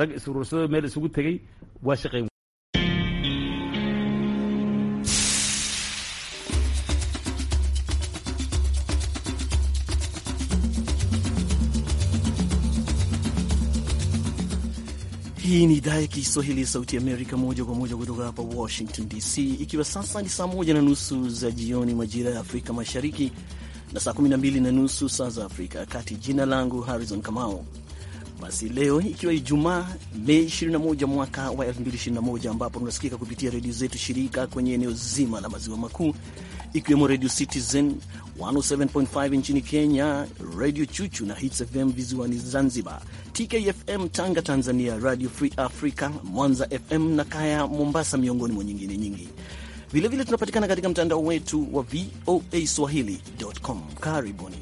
rag is meel isugu tegay waa shaqayn Hii ni idhaa ya Kiswahili ya Sauti Amerika, moja kwa moja kutoka hapa Washington DC, ikiwa sasa ni saa moja na nusu za jioni majira ya Afrika Mashariki na saa kumi na mbili na nusu saa za Afrika ya Kati. Jina langu Harrison Kamau basi leo ikiwa Ijumaa, Mei 21 mwaka wa 2021, ambapo tunasikika kupitia redio zetu shirika kwenye eneo zima la maziwa makuu ikiwemo Radio Citizen 107.5 nchini Kenya, Radio Chuchu na Hits FM visiwani Zanzibar, TKFM Tanga Tanzania, Radio Free Africa Mwanza FM na Kaya Mombasa, miongoni mwa nyingine nyingi. Vilevile tunapatikana katika mtandao wetu wa voa swahili.com. Karibuni.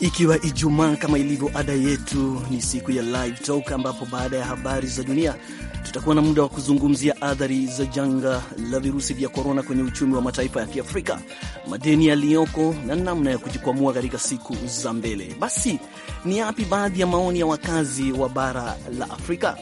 Ikiwa Ijumaa kama ilivyo ada yetu, ni siku ya Live Talk ambapo baada ya habari za dunia tutakuwa na muda wa kuzungumzia athari za janga la virusi vya korona kwenye uchumi wa mataifa ya Kiafrika, madeni yaliyoko na namna ya kujikwamua katika siku za mbele. Basi ni yapi baadhi ya maoni ya wakazi wa bara la Afrika?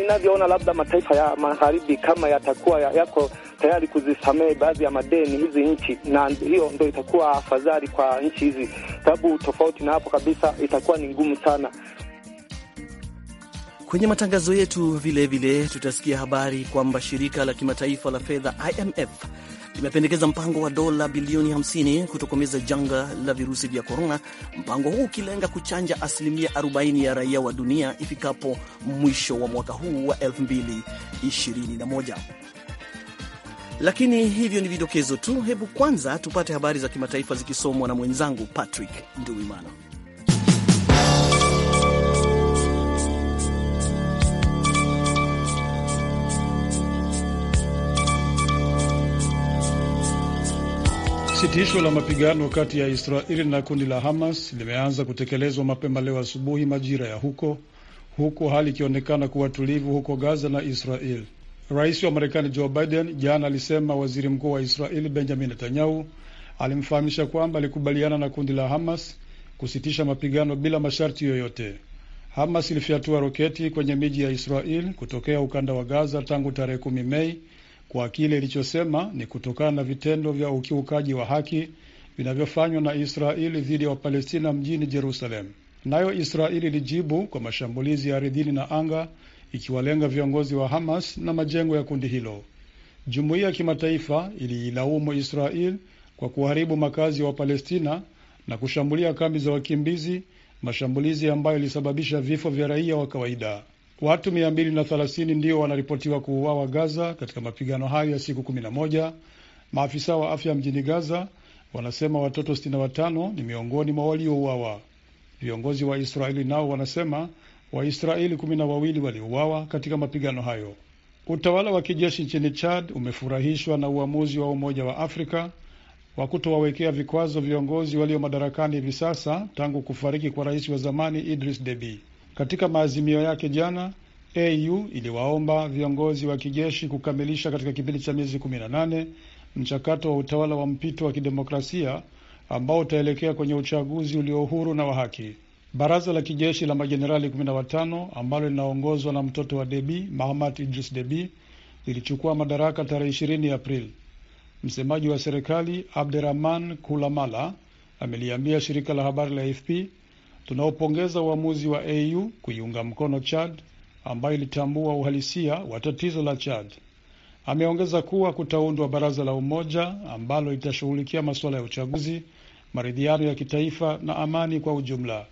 Ninavyoona, labda mataifa ya magharibi kama yatakuwa yako ya tayari kuzisamehe baadhi ya madeni hizi nchi, na hiyo ndo itakuwa afadhali kwa nchi hizi, sababu tofauti na hapo kabisa itakuwa ni ngumu sana. Kwenye matangazo yetu vilevile vile, tutasikia habari kwamba shirika la kimataifa la fedha IMF limependekeza mpango wa dola bilioni 50 kutokomeza janga la virusi vya korona, mpango huu ukilenga kuchanja asilimia 40 ya raia wa dunia ifikapo mwisho wa mwaka huu wa 2021. Lakini hivyo ni vidokezo tu. Hebu kwanza tupate habari za kimataifa zikisomwa na mwenzangu Patrick Nduwimana. Sitisho la mapigano kati ya Israeli na kundi la Hamas limeanza kutekelezwa mapema leo asubuhi majira ya huko, huku hali ikionekana kuwa tulivu huko Gaza na Israel. Rais wa Marekani Joe Biden jana alisema waziri mkuu wa Israeli Benjamin Netanyahu alimfahamisha kwamba alikubaliana na kundi la Hamas kusitisha mapigano bila masharti yoyote. Hamas ilifyatua roketi kwenye miji ya Israel kutokea ukanda wa Gaza tangu tarehe kumi Mei kwa kile ilichosema ni kutokana na vitendo vya ukiukaji wa haki vinavyofanywa na Israeli dhidi ya Wapalestina mjini Jerusalem. Nayo Israeli ilijibu kwa mashambulizi ya ardhini na anga ikiwalenga viongozi wa Hamas na majengo ya kundi hilo. Jumuiya ya kimataifa iliilaumu Israel kwa kuharibu makazi ya wa Wapalestina na kushambulia kambi za wakimbizi, mashambulizi ambayo ilisababisha vifo vya raia wa kawaida. Watu 230 ndio wanaripotiwa kuuawa Gaza katika mapigano hayo ya siku 11. Maafisa wa afya mjini Gaza wanasema watoto 65 ni miongoni mwa waliouawa. Viongozi wa Israeli nao wanasema Waisraeli kumi na wawili waliuawa katika mapigano hayo. Utawala wa kijeshi nchini Chad umefurahishwa na uamuzi wa Umoja wa Afrika wa kutowawekea vikwazo viongozi walio madarakani hivi sasa tangu kufariki kwa rais wa zamani Idris Deby. Katika maazimio yake jana, AU iliwaomba viongozi wa kijeshi kukamilisha katika kipindi cha miezi 18 mchakato wa utawala wa mpito wa kidemokrasia ambao utaelekea kwenye uchaguzi ulio huru na wa haki. Baraza la kijeshi la majenerali 15 ambalo linaongozwa na mtoto wa Debi Mahamat Idris Debi lilichukua madaraka tarehe 20 Aprili. Msemaji wa serikali Abderahman Kulamala ameliambia shirika la habari la AFP, tunaopongeza uamuzi wa AU kuiunga mkono Chad ambayo ilitambua uhalisia wa tatizo la Chad. Ameongeza kuwa kutaundwa baraza la umoja ambalo litashughulikia masuala ya uchaguzi, maridhiano ya kitaifa na amani kwa ujumla.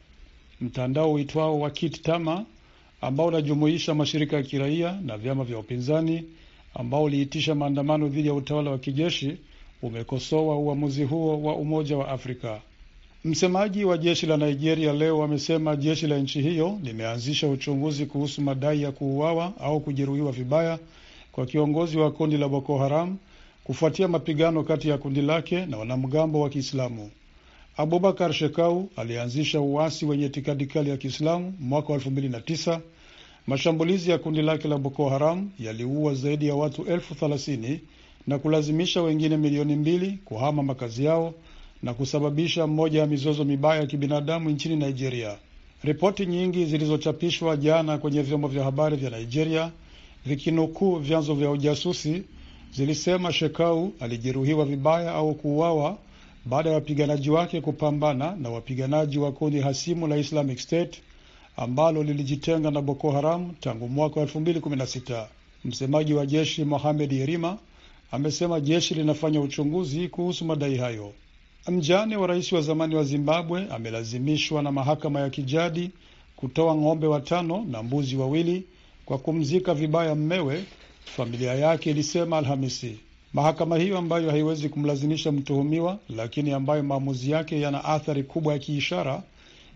Mtandao uitwao kit Tama ambao unajumuisha mashirika ya kiraia na vyama vya upinzani ambao uliitisha maandamano dhidi ya utawala wa kijeshi umekosoa uamuzi huo wa Umoja wa Afrika. Msemaji wa jeshi la Nigeria leo amesema jeshi la nchi hiyo limeanzisha uchunguzi kuhusu madai ya kuuawa au kujeruhiwa vibaya kwa kiongozi wa kundi la Boko Haram kufuatia mapigano kati ya kundi lake na wanamgambo wa Kiislamu. Abubakar Shekau alianzisha uasi wenye itikadi kali ya Kiislamu mwaka wa 2009. Mashambulizi ya kundi lake la Boko Haram yaliua zaidi ya watu elfu thelathini na kulazimisha wengine milioni mbili kuhama makazi yao na kusababisha mmoja ya mizozo mibaya ya kibinadamu nchini Nigeria. Ripoti nyingi zilizochapishwa jana kwenye vyombo vya habari vya Nigeria vikinukuu vyanzo vya ujasusi zilisema Shekau alijeruhiwa vibaya au kuuawa baada ya wapiganaji wake kupambana na wapiganaji wa kundi hasimu la Islamic State ambalo lilijitenga na Boko Haram tangu mwaka wa 2016. Msemaji wa jeshi Mohamed Yerima amesema jeshi linafanya uchunguzi kuhusu madai hayo. Mjane wa rais wa zamani wa Zimbabwe amelazimishwa na mahakama ya kijadi kutoa ng'ombe watano na mbuzi wawili kwa kumzika vibaya mmewe, familia yake ilisema Alhamisi. Mahakama hiyo ambayo haiwezi kumlazimisha mtuhumiwa, lakini ambayo maamuzi yake yana athari kubwa ya kiishara,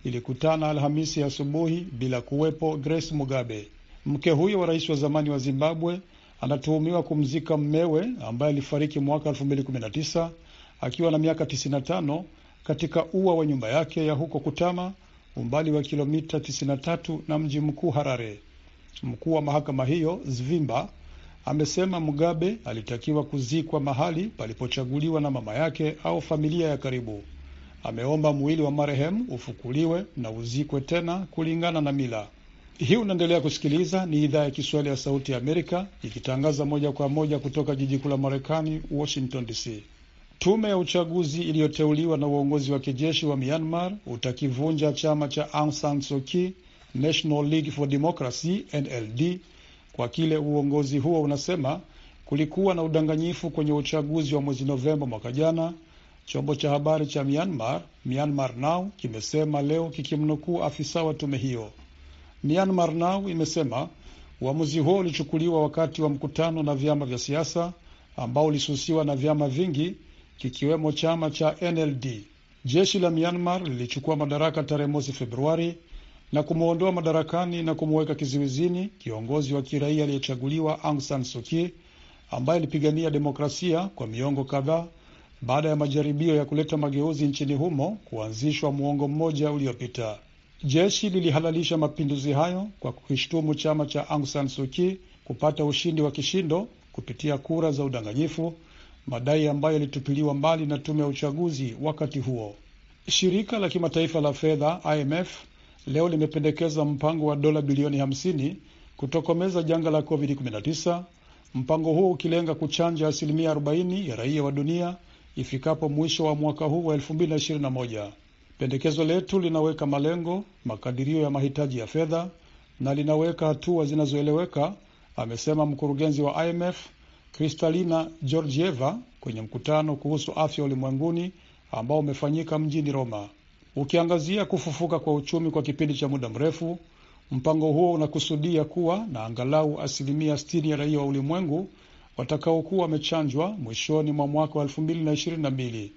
ilikutana Alhamisi asubuhi bila kuwepo Grace Mugabe. Mke huyo wa rais wa zamani wa Zimbabwe anatuhumiwa kumzika mmewe ambaye alifariki mwaka 2019 akiwa na miaka 95 katika ua wa nyumba yake ya huko Kutama, umbali wa kilomita 93 na mji mkuu Harare. Mkuu wa mahakama hiyo Zvimba amesema Mugabe alitakiwa kuzikwa mahali palipochaguliwa na mama yake au familia ya karibu. Ameomba mwili wa marehemu ufukuliwe na uzikwe tena kulingana na mila. Hii unaendelea kusikiliza, ni idhaa ya Kiswahili ya Sauti ya Amerika ikitangaza moja kwa moja kutoka jiji kuu la Marekani, Washington DC. Tume ya uchaguzi iliyoteuliwa na uongozi wa kijeshi wa Myanmar utakivunja chama cha Aung San Suu Kyi National League for Democracy NLD kwa kile uongozi huo unasema kulikuwa na udanganyifu kwenye uchaguzi wa mwezi Novemba mwaka jana. Chombo cha habari cha Myanmar, Myanmar Now, kimesema leo kikimnukuu afisa wa tume hiyo. Myanmar Now imesema uamuzi huo ulichukuliwa wakati wa mkutano na vyama vya siasa ambao ulisusiwa na vyama vingi kikiwemo chama cha NLD. Jeshi la Myanmar lilichukua madaraka tarehe mosi Februari na kumwondoa madarakani na kumuweka kizuizini kiongozi wa kiraia aliyechaguliwa Aung San Suu Kyi ambaye alipigania demokrasia kwa miongo kadhaa baada ya majaribio ya kuleta mageuzi nchini humo kuanzishwa muongo mmoja uliopita. Jeshi lilihalalisha mapinduzi hayo kwa kukishtumu chama cha Aung San Suu Kyi kupata ushindi wa kishindo kupitia kura za udanganyifu, madai ambayo yalitupiliwa mbali na tume ya uchaguzi wakati huo. Shirika la kimataifa la fedha IMF leo limependekeza mpango wa dola bilioni 50 kutokomeza janga la COVID-19, mpango huo ukilenga kuchanja asilimia 40 ya raia wa dunia ifikapo mwisho wa mwaka huu wa 2021. Pendekezo letu linaweka malengo, makadirio ya mahitaji ya fedha na linaweka hatua zinazoeleweka, amesema mkurugenzi wa IMF Kristalina Georgieva kwenye mkutano kuhusu afya ulimwenguni ambao umefanyika mjini Roma. Ukiangazia kufufuka kwa uchumi kwa kipindi cha muda mrefu, mpango huo unakusudia kuwa na angalau asilimia 60 ya raia wa ulimwengu watakaokuwa wamechanjwa mwishoni mwa mwaka wa 2022.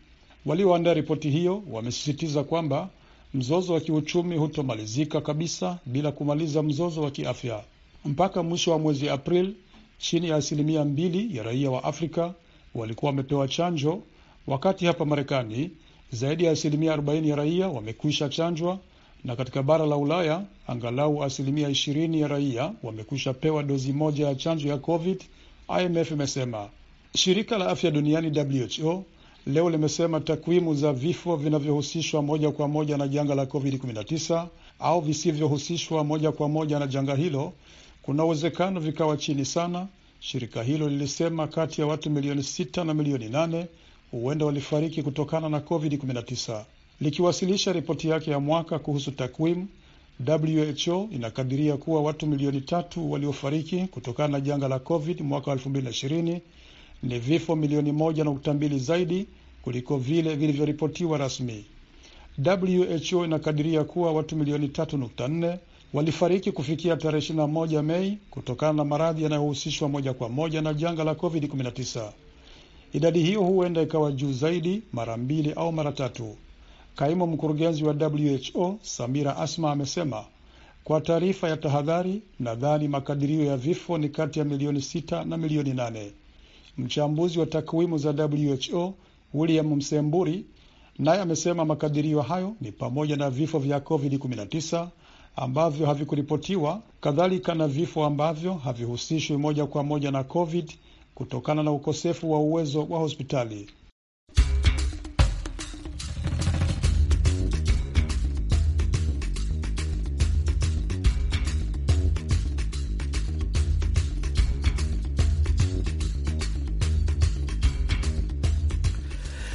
Walioandaa ripoti hiyo wamesisitiza kwamba mzozo wa kiuchumi hutomalizika kabisa bila kumaliza mzozo wa kiafya. Mpaka mwisho wa mwezi Aprili, chini ya asilimia mbili ya raia wa Afrika walikuwa wamepewa chanjo, wakati hapa Marekani zaidi ya asilimia 40 ya raia wamekwisha chanjwa na katika bara la Ulaya angalau asilimia 20 ya raia wamekwisha pewa dozi moja ya chanjo ya COVID, IMF imesema. Shirika la afya duniani WHO leo limesema takwimu za vifo vinavyohusishwa moja kwa moja na janga la COVID-19 au visivyohusishwa moja kwa moja na janga hilo kuna uwezekano vikawa chini sana, shirika hilo lilisema, kati ya watu milioni 6 na milioni 8 huenda walifariki kutokana na COVID-19. Likiwasilisha ripoti yake ya mwaka kuhusu takwimu, WHO inakadiria kuwa watu milioni tatu waliofariki kutokana na janga la COVID mwaka 2020 ni vifo milioni moja na nukta mbili zaidi kuliko vile vilivyoripotiwa rasmi. WHO inakadiria kuwa watu milioni tatu nukta nne walifariki kufikia tarehe 21 Mei kutokana na maradhi yanayohusishwa moja kwa moja na janga la COVID-19. Idadi hiyo huenda ikawa juu zaidi mara mbili au mara tatu. Kaimu mkurugenzi wa WHO Samira Asma amesema kwa taarifa ya tahadhari, nadhani makadirio ya vifo ni kati ya milioni sita na milioni nane. Mchambuzi wa takwimu za WHO William Msemburi naye amesema makadirio hayo ni pamoja na vifo vya COVID-19 ambavyo havikuripotiwa, kadhalika na vifo ambavyo havihusishwi moja kwa moja na COVID kutokana na ukosefu wa uwezo wa hospitali.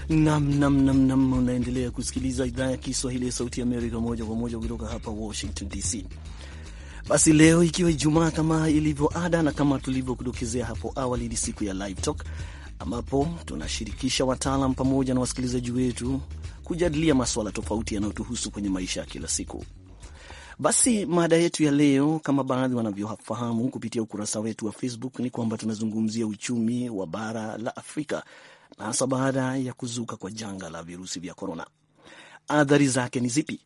Nam, nam, nam, nam. Unaendelea kusikiliza idhaa ya Kiswahili ya Sauti ya Amerika moja kwa moja kutoka hapa Washington DC. Basi leo ikiwa Ijumaa kama ilivyo ada na kama tulivyokudokezea hapo awali, ni siku ya Live Talk ambapo tunashirikisha wataalam pamoja na wasikilizaji wetu kujadilia maswala tofauti yanayotuhusu kwenye maisha ya kila siku. Basi mada yetu ya leo, kama baadhi wanavyofahamu kupitia ukurasa wetu wa Facebook, ni kwamba tunazungumzia uchumi wa bara la Afrika na hasa baada ya kuzuka kwa janga la virusi vya korona. Athari zake ni zipi?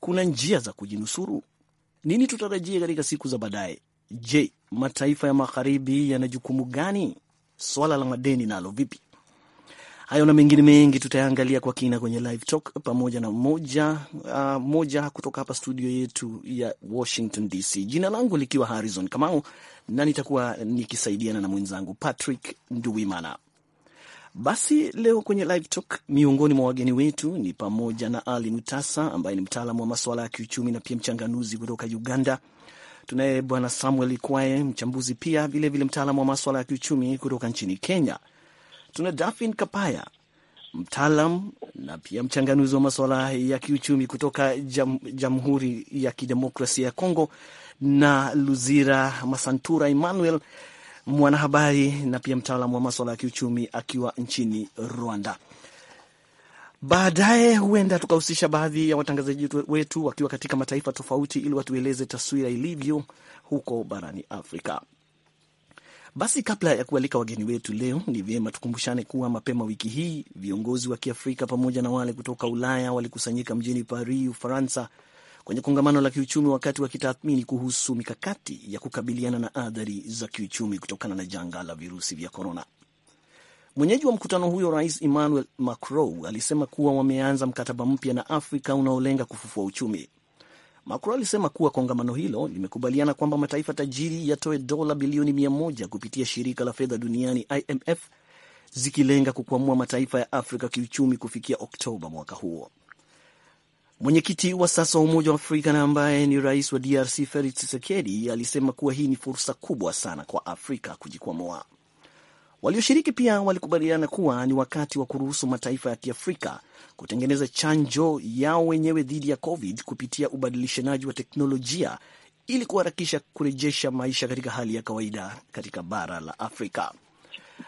Kuna njia za kujinusuru nini tutarajie katika siku za baadaye? Je, mataifa ya magharibi yana jukumu gani? Swala la madeni nalo vipi? Hayo na mengine mengi tutayaangalia kwa kina kwenye live talk pamoja na moja, uh, moja kutoka hapa studio yetu ya Washington DC, jina langu likiwa Harrison Kamau na nitakuwa nikisaidiana na mwenzangu Patrick Nduwimana. Basi leo kwenye live talk, miongoni mwa wageni wetu ni pamoja na Ali Mutasa ambaye ni mtaalamu wa masuala ya kiuchumi na pia mchanganuzi kutoka Uganda. Tunaye bwana Samuel Kwae, mchambuzi pia vilevile mtaalamu wa masuala ya kiuchumi kutoka nchini Kenya. Tuna Dafin Kapaya, mtaalam na pia mchanganuzi wa masuala ya kiuchumi kutoka jam, Jamhuri ya Kidemokrasia ya Kongo, na Luzira Masantura Emmanuel mwanahabari na pia mtaalamu wa maswala ya kiuchumi akiwa nchini Rwanda. Baadaye huenda tukahusisha baadhi ya watangazaji wetu wakiwa katika mataifa tofauti, ili watueleze taswira ilivyo huko barani Afrika. Basi kabla ya kualika wageni wetu leo, ni vyema tukumbushane kuwa mapema wiki hii viongozi wa Kiafrika pamoja na wale kutoka Ulaya walikusanyika mjini Paris, Ufaransa, kwenye kongamano la kiuchumi wakati wakitathmini kuhusu mikakati ya kukabiliana na athari za kiuchumi kutokana na janga la virusi vya korona. Mwenyeji wa mkutano huyo Rais Emmanuel Macron alisema kuwa wameanza mkataba mpya na Afrika unaolenga kufufua uchumi. Macron alisema kuwa kongamano hilo limekubaliana kwamba mataifa tajiri yatoe dola bilioni mia moja kupitia shirika la fedha duniani IMF, zikilenga kukwamua mataifa ya Afrika kiuchumi kufikia Oktoba mwaka huo. Mwenyekiti wa sasa wa Umoja wa Afrika na ambaye ni rais wa DRC Felix Tshisekedi alisema kuwa hii ni fursa kubwa sana kwa Afrika kujikwamua. Walioshiriki pia walikubaliana kuwa ni wakati wa kuruhusu mataifa ya Kiafrika kutengeneza chanjo yao wenyewe dhidi ya COVID kupitia ubadilishanaji wa teknolojia ili kuharakisha kurejesha maisha katika hali ya kawaida katika bara la Afrika.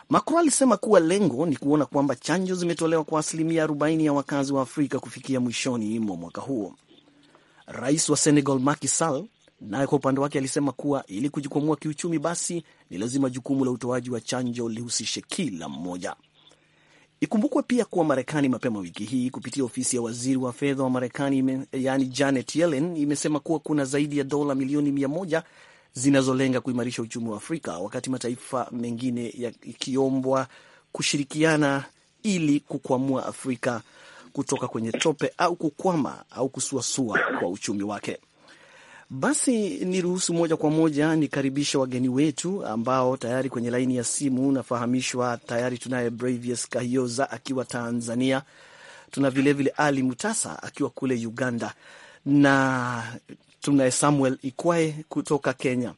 Macron alisema kuwa lengo ni kuona kwamba chanjo zimetolewa kwa asilimia 40 ya wakazi wa Afrika kufikia mwishoni mwa mwaka huo. Rais wa Senegal Macky Sall naye kwa upande wake alisema kuwa ili kujikwamua kiuchumi, basi ni lazima jukumu la utoaji wa chanjo lihusishe kila mmoja. Ikumbukwe pia kuwa Marekani mapema wiki hii kupitia ofisi ya waziri wa fedha wa Marekani, yani Janet Yellen, imesema kuwa kuna zaidi ya dola milioni mia moja zinazolenga kuimarisha uchumi wa Afrika, wakati mataifa mengine yakiombwa kushirikiana ili kukwamua Afrika kutoka kwenye tope au kukwama au kusuasua kwa uchumi wake. Basi niruhusu moja kwa moja nikaribisha wageni wetu ambao tayari kwenye laini ya simu nafahamishwa tayari tunaye Bravius Kahioza akiwa Tanzania, tuna vilevile Ali Mutasa akiwa kule Uganda na tunaye Samuel Ikwae kutoka Kenya,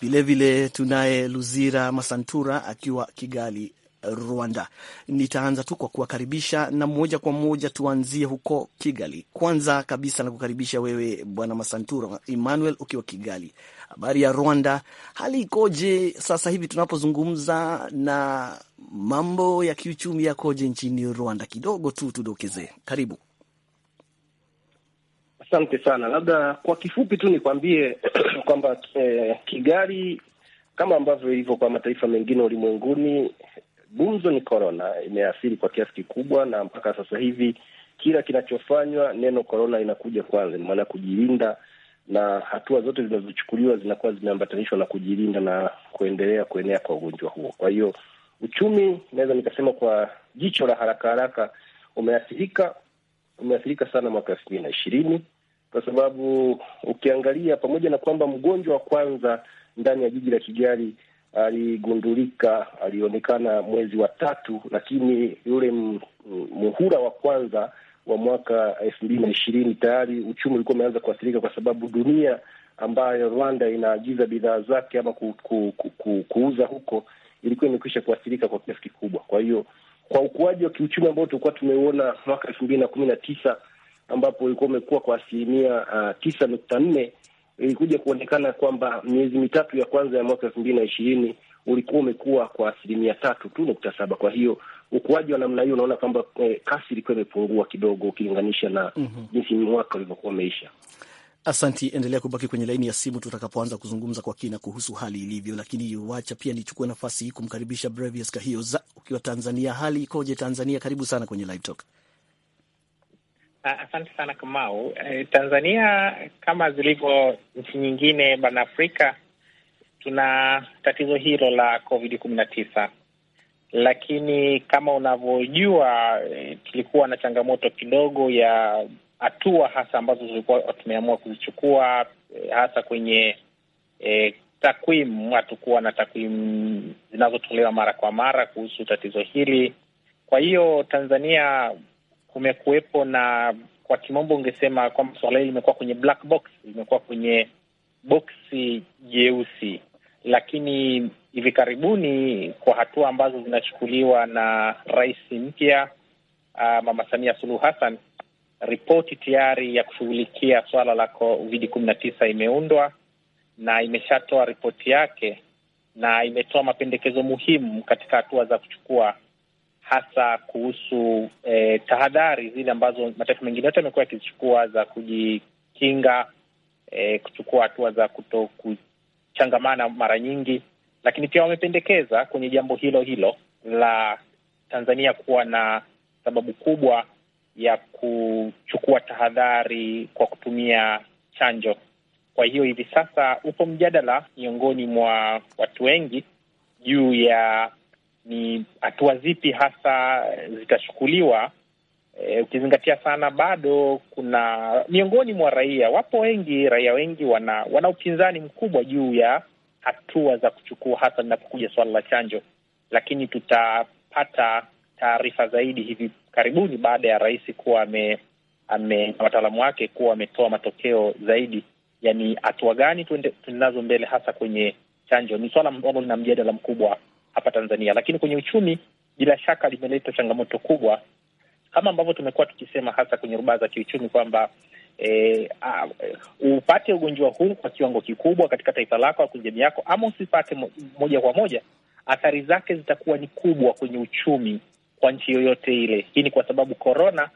vilevile tunaye Luzira Masantura akiwa Kigali, Rwanda. Nitaanza tu kwa kuwakaribisha na moja kwa moja tuanzie huko Kigali. Kwanza kabisa na kukaribisha wewe Bwana Masantura Emmanuel ukiwa Kigali. Habari ya Rwanda, hali ikoje sasa hivi tunapozungumza, na mambo ya kiuchumi yakoje nchini Rwanda? Kidogo tu tudokezee, karibu. Asante sana. Labda kwa kifupi tu nikwambie kwamba eh, Kigali kama ambavyo ilivyo kwa mataifa mengine ulimwenguni, gumzo ni korona, imeathiri kwa kiasi kikubwa, na mpaka sasa hivi kila kinachofanywa, neno korona inakuja kwanza, ni maana kujilinda, na hatua zote zinazochukuliwa zinakuwa zimeambatanishwa na kujilinda na kuendelea kuenea kwa ugonjwa huo. Kwa hiyo uchumi, naweza nikasema kwa jicho la haraka haraka, umeathirika umeathirika sana mwaka elfu mbili na ishirini kwa sababu ukiangalia, pamoja na kwamba mgonjwa wa kwanza ndani ya jiji la Kigali aligundulika, alionekana mwezi wa tatu, lakini yule muhula wa kwanza wa mwaka elfu mbili na ishirini tayari uchumi ulikuwa umeanza kuathirika, kwa sababu dunia ambayo Rwanda inaagiza bidhaa zake ama ku, ku, ku, ku, kuuza huko ilikuwa imekwisha kuathirika kwa kiasi kikubwa. Kwa hiyo kwa ukuaji wa kiuchumi ambao tulikuwa tumeuona mwaka elfu mbili na kumi na tisa ambapo ulikuwa umekuwa kwa asilimia uh, tisa uh, nukta nne ilikuja kuonekana kwamba miezi mitatu ya kwanza ya mwaka elfu mbili na ishirini ulikuwa umekuwa kwa asilimia tatu tu nukta saba. Kwa hiyo ukuaji wa namna hiyo unaona kwamba eh, kasi ilikuwa imepungua kidogo ukilinganisha na mm -hmm. jinsi mwaka ulivyokuwa umeisha. Asanti, endelea kubaki kwenye laini ya simu tutakapoanza kuzungumza kwa kina kuhusu hali ilivyo, lakini wacha pia nichukue nafasi hii kumkaribisha Brevius Kahioza ukiwa Tanzania. Hali ikoje Tanzania? Karibu sana kwenye Live Talk. Ah, asante sana Kamau. E, Tanzania kama zilivyo nchi nyingine barani Afrika tuna tatizo hilo la COVID kumi na tisa, lakini kama unavyojua eh, tulikuwa na changamoto kidogo ya hatua hasa ambazo tulikuwa tumeamua kuzichukua eh, hasa kwenye e, takwimu. Hatukuwa na takwimu zinazotolewa mara kwa mara kuhusu tatizo hili. Kwa hiyo Tanzania kumekuwepo na kwa kimombo ungesema kwamba suala hili limekuwa kwenye black box, limekuwa kwenye boksi jeusi, lakini hivi karibuni kwa hatua ambazo zinachukuliwa na rais mpya uh, Mama Samia Suluhu Hassan, ripoti tayari ya kushughulikia swala la COVID kumi na tisa imeundwa na imeshatoa ripoti yake na imetoa mapendekezo muhimu katika hatua za kuchukua hasa kuhusu eh, tahadhari zile ambazo mataifa mengine yote yamekuwa yakizichukua za kujikinga, eh, kuchukua hatua za kuto kuchangamana mara nyingi, lakini pia wamependekeza kwenye jambo hilo hilo la Tanzania kuwa na sababu kubwa ya kuchukua tahadhari kwa kutumia chanjo. Kwa hiyo hivi sasa upo mjadala miongoni mwa watu wengi juu ya ni hatua zipi hasa zitachukuliwa, e, ukizingatia sana bado kuna miongoni mwa raia, wapo wengi, raia wengi wana wana upinzani mkubwa juu ya hatua za kuchukua, hasa linapokuja suala la chanjo, lakini tutapata taarifa zaidi hivi karibuni baada ya rais kuwa ame, ame na wataalamu wake kuwa wametoa matokeo zaidi, yani hatua gani tunazo mbele hasa kwenye chanjo. Ni swala ambalo lina mjadala mkubwa hapa Tanzania, lakini kwenye uchumi bila shaka limeleta changamoto kubwa, kama ambavyo tumekuwa tukisema hasa kwenye rubaa za kiuchumi kwamba E, a, upate ugonjwa huu kwa kiwango kikubwa katika taifa lako au kwenye jamii yako, ama usipate moja kwa moja, athari zake zitakuwa ni kubwa kwenye uchumi kwa nchi yoyote ile. Hii ni kwa sababu korona,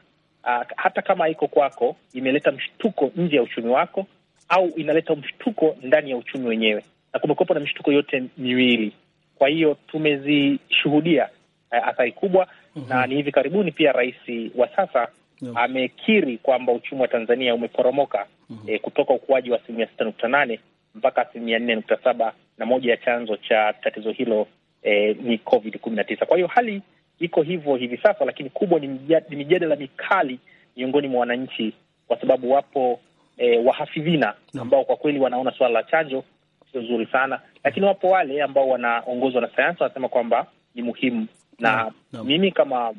hata kama iko kwako, imeleta mshtuko nje ya uchumi wako, au inaleta mshtuko ndani ya uchumi wenyewe, na kumekuwepo na mshtuko yote miwili. Kwa hiyo tumezishuhudia uh, athari kubwa mm -hmm. na ni hivi karibuni pia rais wa sasa yep. amekiri kwamba uchumi wa Tanzania umeporomoka mm -hmm. eh, kutoka ukuaji wa asilimia sita nukta nane mpaka asilimia nne nukta saba na moja ya chanzo cha tatizo hilo eh, ni COVID kumi na tisa. Kwa hiyo hali iko hivyo hivi sasa, lakini kubwa ni mijadala mikali miongoni mwa wananchi, kwa sababu wapo eh, wahafidhina ambao kwa kweli wanaona suala la chanjo sio zuri sana lakini wapo wale ambao wanaongozwa na sayansi wanasema kwamba ni muhimu na no. mimi kama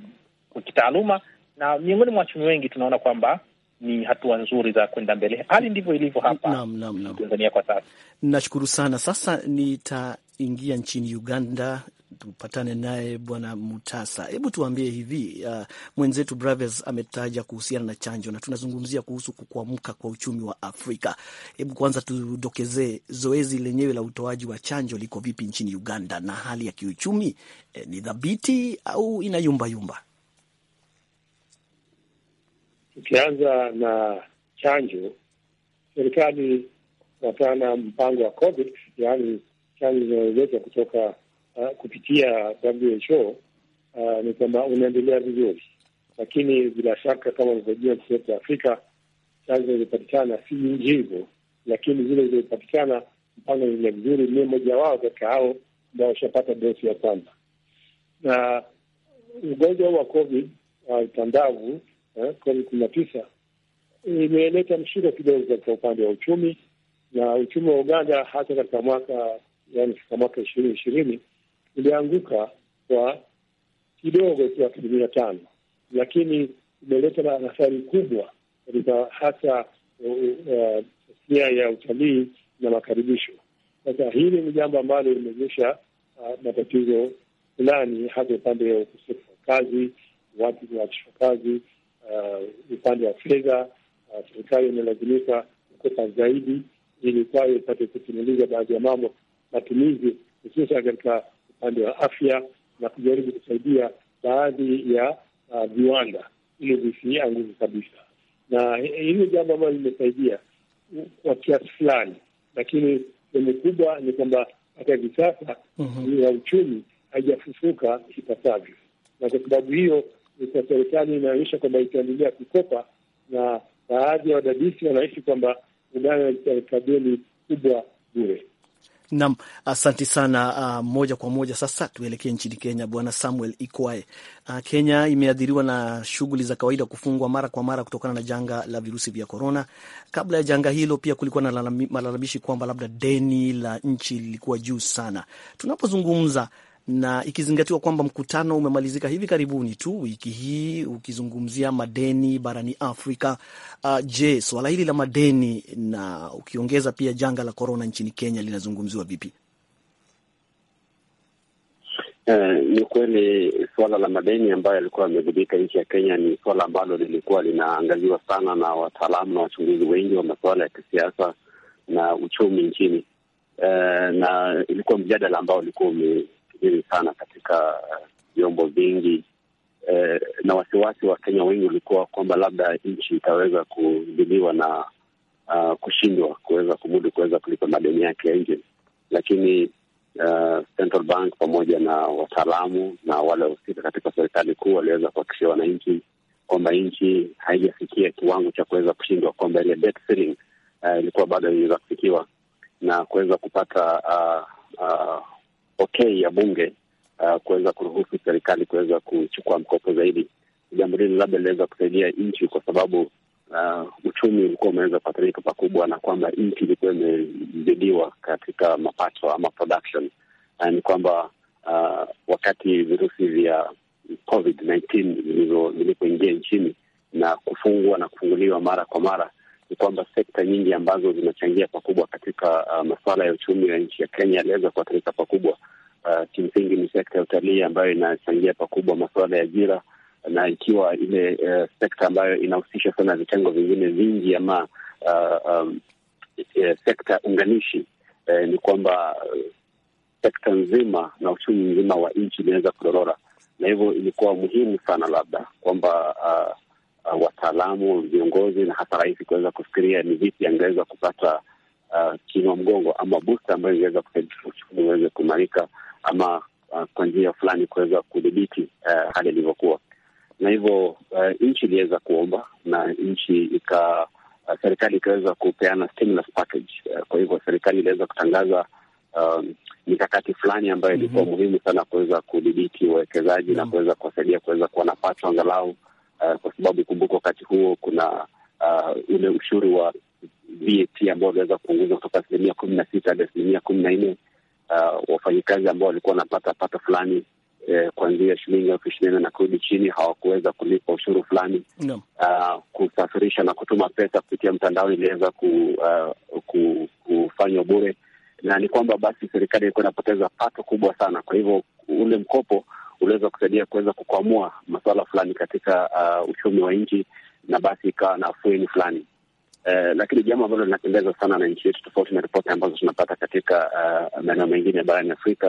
kitaaluma na miongoni mwa wachumi wengi tunaona kwamba ni hatua nzuri za kwenda mbele. Hali ndivyo ilivyo hapa no, no, kwa sasa. Nashukuru sana. Sasa nitaingia nchini Uganda tupatane naye Bwana Mutasa. Hebu tuambie hivi, uh, mwenzetu Braves ametaja kuhusiana na chanjo na tunazungumzia kuhusu kukwamka kwa uchumi wa Afrika. Hebu kwanza tudokezee zoezi lenyewe la utoaji wa chanjo liko vipi nchini Uganda na hali ya kiuchumi eh, ni dhabiti au ina yumbayumba? Tukianza na chanjo, serikali kufuatana mpango wa COVID, yaani chanjo zinazoletwa kutoka uh, kupitia WHO uh, ni kwamba unaendelea vizuri, lakini bila shaka kama unavyojua nchi ya Afrika chanjo zilizopatikana si nyingi hivyo, lakini zile zilizopatikana mpango ina vizuri. ni mmoja wao katika hao ndio washapata dosi ya kwanza, na ugonjwa wa covid utandavu uh, covid kumi na tisa imeleta mshuko kidogo katika upande wa uchumi na uchumi wa Uganda hasa katika mwaka yani katika mwaka ishirini ishirini ilianguka kwa kidogo tu asilimia tano, lakini imeleta na athari kubwa katika hasa uh, tasnia ya utalii na makaribisho. Sasa hili ni jambo ambalo limeonyesha uh, matatizo fulani, hasa upande wa ukosefu wa kazi, watu kuachishwa kazi, uh, upande wa fedha. Serikali imelazimika kukopa zaidi ili kwayo ipate kutimiliza baadhi ya mambo matumizi, hususan katika upande wa afya na kujaribu kusaidia baadhi ya uh, viwanda ili visianguke kabisa, na hilo jambo ambalo limesaidia kwa kiasi fulani, lakini sehemu kubwa ni kwamba hata hivi sasa mm-hmm. ya uchumi haijafufuka ipasavyo, na kwa sababu hiyo kwa serikali inaonyesha kwamba itaendelea kukopa, na baadhi ya wadadisi wanahisi kwamba Uganda inalipa deni kubwa bure. Nam, asanti sana uh, moja kwa moja sasa tuelekee nchini Kenya, Bwana Samuel Ikwae. Uh, Kenya imeathiriwa na shughuli za kawaida kufungwa mara kwa mara kutokana na janga la virusi vya korona. Kabla ya janga hilo, pia kulikuwa na malalamishi kwamba labda deni la nchi lilikuwa juu sana. Tunapozungumza na ikizingatiwa kwamba mkutano umemalizika hivi karibuni tu wiki hii ukizungumzia madeni barani Afrika. Uh, je, swala hili la madeni na ukiongeza pia janga la korona nchini Kenya linazungumziwa vipi? Uh, ni kweli suala la madeni ambayo yalikuwa yamegubika nchi ya Kenya ni suala ambalo lilikuwa linaangaziwa sana na wataalamu na wachunguzi wengi wa masuala ya kisiasa na uchumi nchini. Uh, na ilikuwa mjadala ambao ulikuwa ume kusubiri sana katika eh, vyombo vingi eh, na wasiwasi wa Kenya wengi ulikuwa kwamba labda nchi itaweza kuzidiwa na uh, kushindwa kuweza kumudu kuweza kulipa madeni yake ya nje, lakini uh, Central Bank pamoja na wataalamu na wale wahusika katika serikali kuu waliweza kuhakikishia wananchi kwamba nchi haijafikia kiwango cha kuweza kushindwa, kwamba ile debt ceiling eh, ilikuwa uh, bado inaweza kufikiwa na kuweza kupata uh, uh, okay ya bunge uh, kuweza kuruhusu serikali kuweza kuchukua mkopo zaidi. Jambo hili labda linaweza kusaidia nchi kwa sababu uh, uchumi ulikuwa umeweza kuathirika pakubwa, na kwamba nchi ilikuwa imezidiwa katika mapato ama production, ni kwamba uh, wakati virusi vya COVID-19 vilipoingia nchini na kufungwa na kufunguliwa mara kwa mara ni kwamba sekta nyingi ambazo zinachangia pakubwa katika uh, masuala ya uchumi wa nchi ya Kenya yaliweza kuathirika pakubwa. Uh, kimsingi ni sekta ya utalii ambayo inachangia pakubwa masuala ya ajira, na ikiwa ile uh, sekta ambayo inahusisha sana vitengo vingine vingi ama uh, um, uh, sekta unganishi uh, ni kwamba uh, sekta nzima na uchumi mzima wa nchi inaweza kudorora, na hivyo ilikuwa muhimu sana labda kwamba uh, uh, wataalamu, viongozi na hata rais kuweza kufikiria ni vipi angeweza kupata uh, kinwa mgongo ama busta ambayo ingeweza kusaidia uchumi uweze kuimarika ama uh, kwa njia fulani kuweza kudhibiti uh, hali ilivyokuwa, na hivyo uh, nchi iliweza kuomba na nchi ika uh, serikali ikaweza kupeana stimulus package uh, kwa hivyo serikali iliweza kutangaza um, mikakati fulani ambayo ilikuwa mm -hmm. muhimu sana kuweza kudhibiti uwekezaji mm -hmm. na mhm. kuweza kuwasaidia kuweza kuwa na pato angalau Eh, kwa sababu kumbuka, wakati huo kuna uh, ule ushuru wa VAT ambao uliweza kupunguza kutoka asilimia kumi na sita hadi asilimia kumi na nne uh, wafanyikazi ambao walikuwa wanapata pato fulani eh, kuanzia shilingi elfu ishirini na kurudi chini hawakuweza kulipa ushuru fulani no. Uh, kusafirisha na kutuma pesa kupitia mtandao iliweza ku, uh, ku, kufanywa bure na ni kwamba basi serikali ilikuwa inapoteza pato kubwa sana. Kwa hivyo ule mkopo uliweza kusaidia kuweza kukwamua masuala fulani katika uh, uchumi wa nchi, na basi ikawa na afueni fulani. Uh, lakini jambo ambalo linapendeza sana na nchi yetu, tofauti na ripoti ambazo tunapata katika uh, maeneo mengine barani Afrika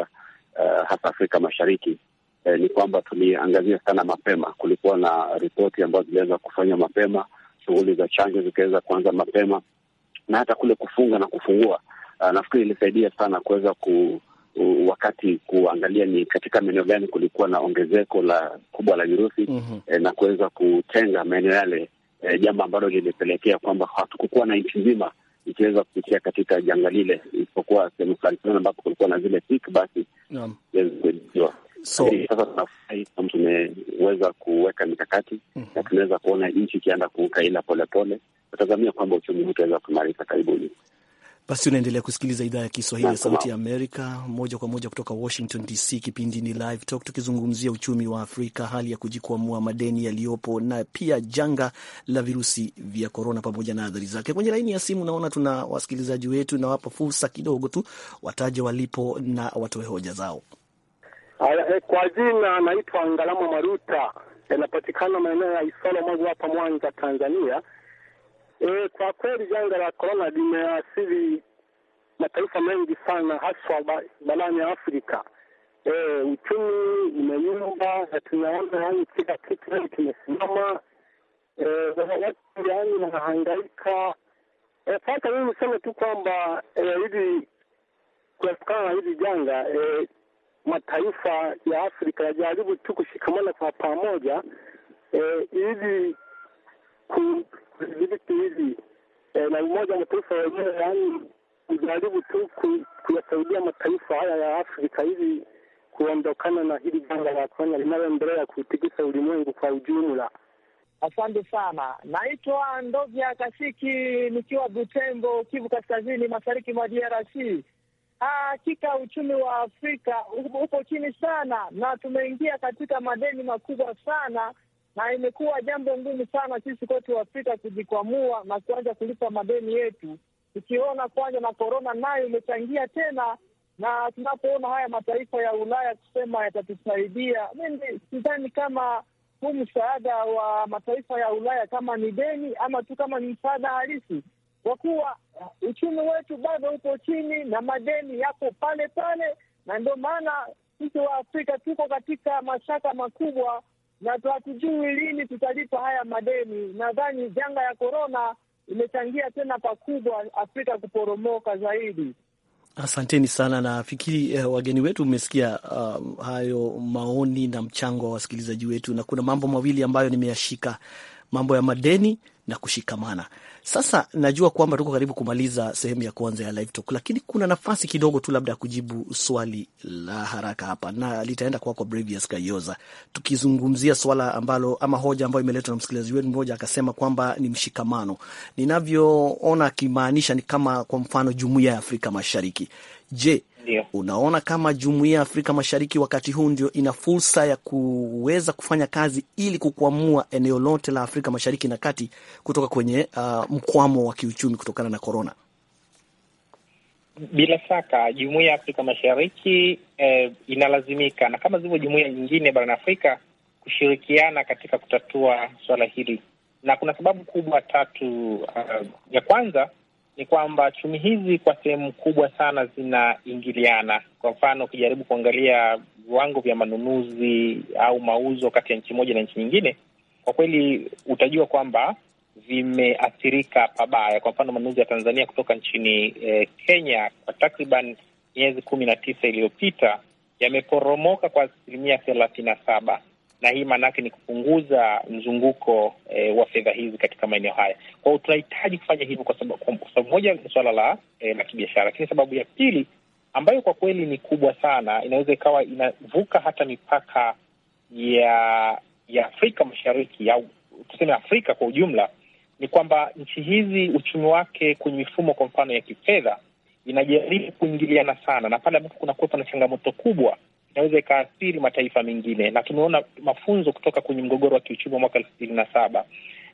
uh, hasa Afrika Mashariki uh, ni kwamba tuliangazia sana mapema. Kulikuwa na ripoti ambazo ziliweza kufanywa mapema, shughuli za chanjo zikiweza kuanza mapema, na hata kule kufunga na kufungua uh, nafikiri ilisaidia sana kuweza ku wakati kuangalia ni katika maeneo gani kulikuwa na ongezeko la kubwa la virusi mm -hmm. eh, na kuweza kutenga maeneo yale eh, jambo ambalo lilipelekea kwamba hatukukuwa na nchi nzima ikiweza kupitia katika janga lile, isipokuwa sehemu fulani fulani ambapo kulikuwa na zile pik, basi kujiwa so, sasa tunafurahi tumeweza kuweka mikakati mm -hmm. na tunaweza kuona nchi ikienda kuuka ila polepole, natazamia kwamba uchumi huu utaweza kuimarika karibuni. Basi unaendelea kusikiliza idhaa ya Kiswahili ya Sauti ya Amerika moja kwa moja kutoka Washington DC. Kipindi ni Live Talk tukizungumzia uchumi wa Afrika, hali ya kujikwamua madeni yaliyopo na pia janga la virusi vya korona pamoja na adhari zake. Kwenye laini ya simu naona tuna wasikilizaji wetu, nawapa fursa kidogo tu wataje walipo na watoe hoja zao. Eh, kwa jina anaitwa Ngalama Maruta, yanapatikana eh, maeneo ya Isolo Magu hapa Mwanza, Tanzania. E, kwa kweli janga la corona limeathiri mataifa mengi sana, haswa barani Afrika. E, uchumi umeyumba na tunaona yaani kila kitu yaani kimesimama. E, watu yaani wanahangaika. E, sasa mimi niseme tu kwamba e, hili e, kuepukana na hili janga e, mataifa ya Afrika yajaribu tu kushikamana kwa pamoja e, ili ku vizibiti hivi e, na Umoja wa Mataifa wenyewe yaani kujaribu tu kuyasaidia mataifa haya ya Afrika hivi kuondokana na hili janga la korona linaloendelea kutikisa ulimwengu kwa ujumla. Asante sana. Naitwa Ndovya Kasiki nikiwa Butembo, Kivu Kaskazini, mashariki mwa DRC. Ah, hakika uchumi wa Afrika upo chini sana, na tumeingia katika madeni makubwa sana na imekuwa jambo ngumu sana sisi kwetu wa Afrika kujikwamua na kuanza kulipa madeni yetu, tukiona kwanza na korona nayo imechangia tena, na tunapoona haya mataifa ya Ulaya kusema yatatusaidia, mimi sidhani kama huu msaada wa mataifa ya Ulaya kama ni deni ama tu kama ni msaada halisi, kwa kuwa uh, uchumi wetu bado upo chini na madeni yapo pale pale, na ndio maana sisi wa Afrika tuko katika mashaka makubwa na hatujui lini tutalipa haya madeni. Nadhani janga ya korona imechangia tena pakubwa Afrika kuporomoka zaidi. Asanteni sana. Nafikiri eh, wageni wetu mmesikia um, hayo maoni na mchango wa wasikilizaji wetu, na kuna mambo mawili ambayo nimeyashika mambo ya madeni na kushikamana. Sasa najua kwamba tuko karibu kumaliza sehemu ya kwanza ya live talk, lakini kuna nafasi kidogo tu labda ya kujibu swali la haraka hapa, na litaenda kwako Brevius Kayoza, tukizungumzia swala ambalo ama hoja ambayo imeletwa na msikilizaji wetu mmoja, akasema kwamba ni mshikamano. Ninavyoona akimaanisha ni kama kwa mfano jumuiya ya Afrika Mashariki. Je, ndio. Unaona kama jumuiya ya Afrika Mashariki wakati huu ndio ina fursa ya kuweza kufanya kazi ili kukwamua eneo lote la Afrika Mashariki na Kati kutoka kwenye uh, mkwamo wa kiuchumi kutokana na korona? Bila shaka jumuiya ya Afrika Mashariki eh, inalazimika na kama zilivyo jumuiya nyingine barani Afrika kushirikiana katika kutatua suala hili, na kuna sababu kubwa tatu. Uh, ya kwanza ni kwamba chumi hizi kwa sehemu kubwa sana zinaingiliana. Kwa mfano, ukijaribu kuangalia viwango vya manunuzi au mauzo kati ya nchi moja na nchi nyingine, kwa kweli utajua kwamba vimeathirika pabaya. Kwa mfano, manunuzi ya Tanzania kutoka nchini eh, Kenya kwa takriban miezi kumi na tisa iliyopita yameporomoka kwa asilimia thelathini na saba na hii maanaake ni kupunguza mzunguko e, wa fedha hizi katika maeneo haya. Kwa hiyo tunahitaji kufanya hivyo kwa sababu, sababu moja ni suala la e, la kibiashara, lakini sababu ya pili ambayo kwa kweli ni kubwa sana, inaweza ikawa inavuka hata mipaka ya ya Afrika Mashariki au tuseme Afrika kwa ujumla, ni kwamba nchi hizi uchumi wake kwenye mifumo kwa mfano ya kifedha inajaribu kuingiliana sana, na pale ambapo kunakuwepo na changamoto kubwa inaweza ikaathiri mataifa mengine, na tumeona mafunzo kutoka kwenye mgogoro wa kiuchumi wa mwaka elfu mbili na saba.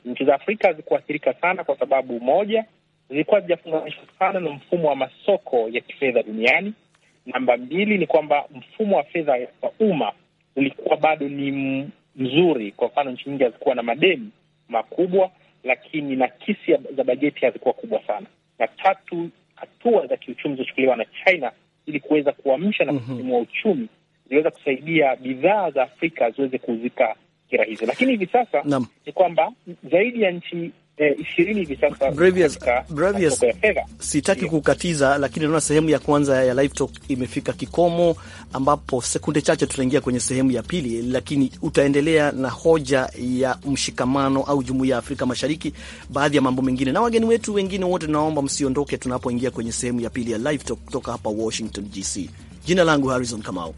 Nchi za Afrika hazikuathirika sana kwa sababu moja, zilikuwa zijafunganishwa sana na mfumo wa masoko ya kifedha duniani. Namba mbili ni kwamba mfumo wa fedha wa umma ulikuwa bado ni mzuri. Kwa mfano, nchi nyingi hazikuwa na madeni makubwa, lakini nakisi za bajeti hazikuwa kubwa sana. Na tatu, hatua za kiuchumi zilizochukuliwa na China ili kuweza kuamsha na kusimua mhm. uchumi ziliweza kusaidia bidhaa za Afrika ziweze kuuzika kirahisi, lakini hivi sasa ni kwamba zaidi ya nchi eh, sitaki kukatiza, lakini naona sehemu ya kwanza ya live talk imefika kikomo, ambapo sekunde chache tutaingia kwenye sehemu ya pili, lakini utaendelea na hoja ya mshikamano au jumuiya ya Afrika Mashariki, baadhi ya mambo mengine, na wageni wetu wengine wote tunaomba msiondoke tunapoingia kwenye sehemu ya pili ya live talk kutoka hapa Washington DC. Jina langu Harrison Kamau.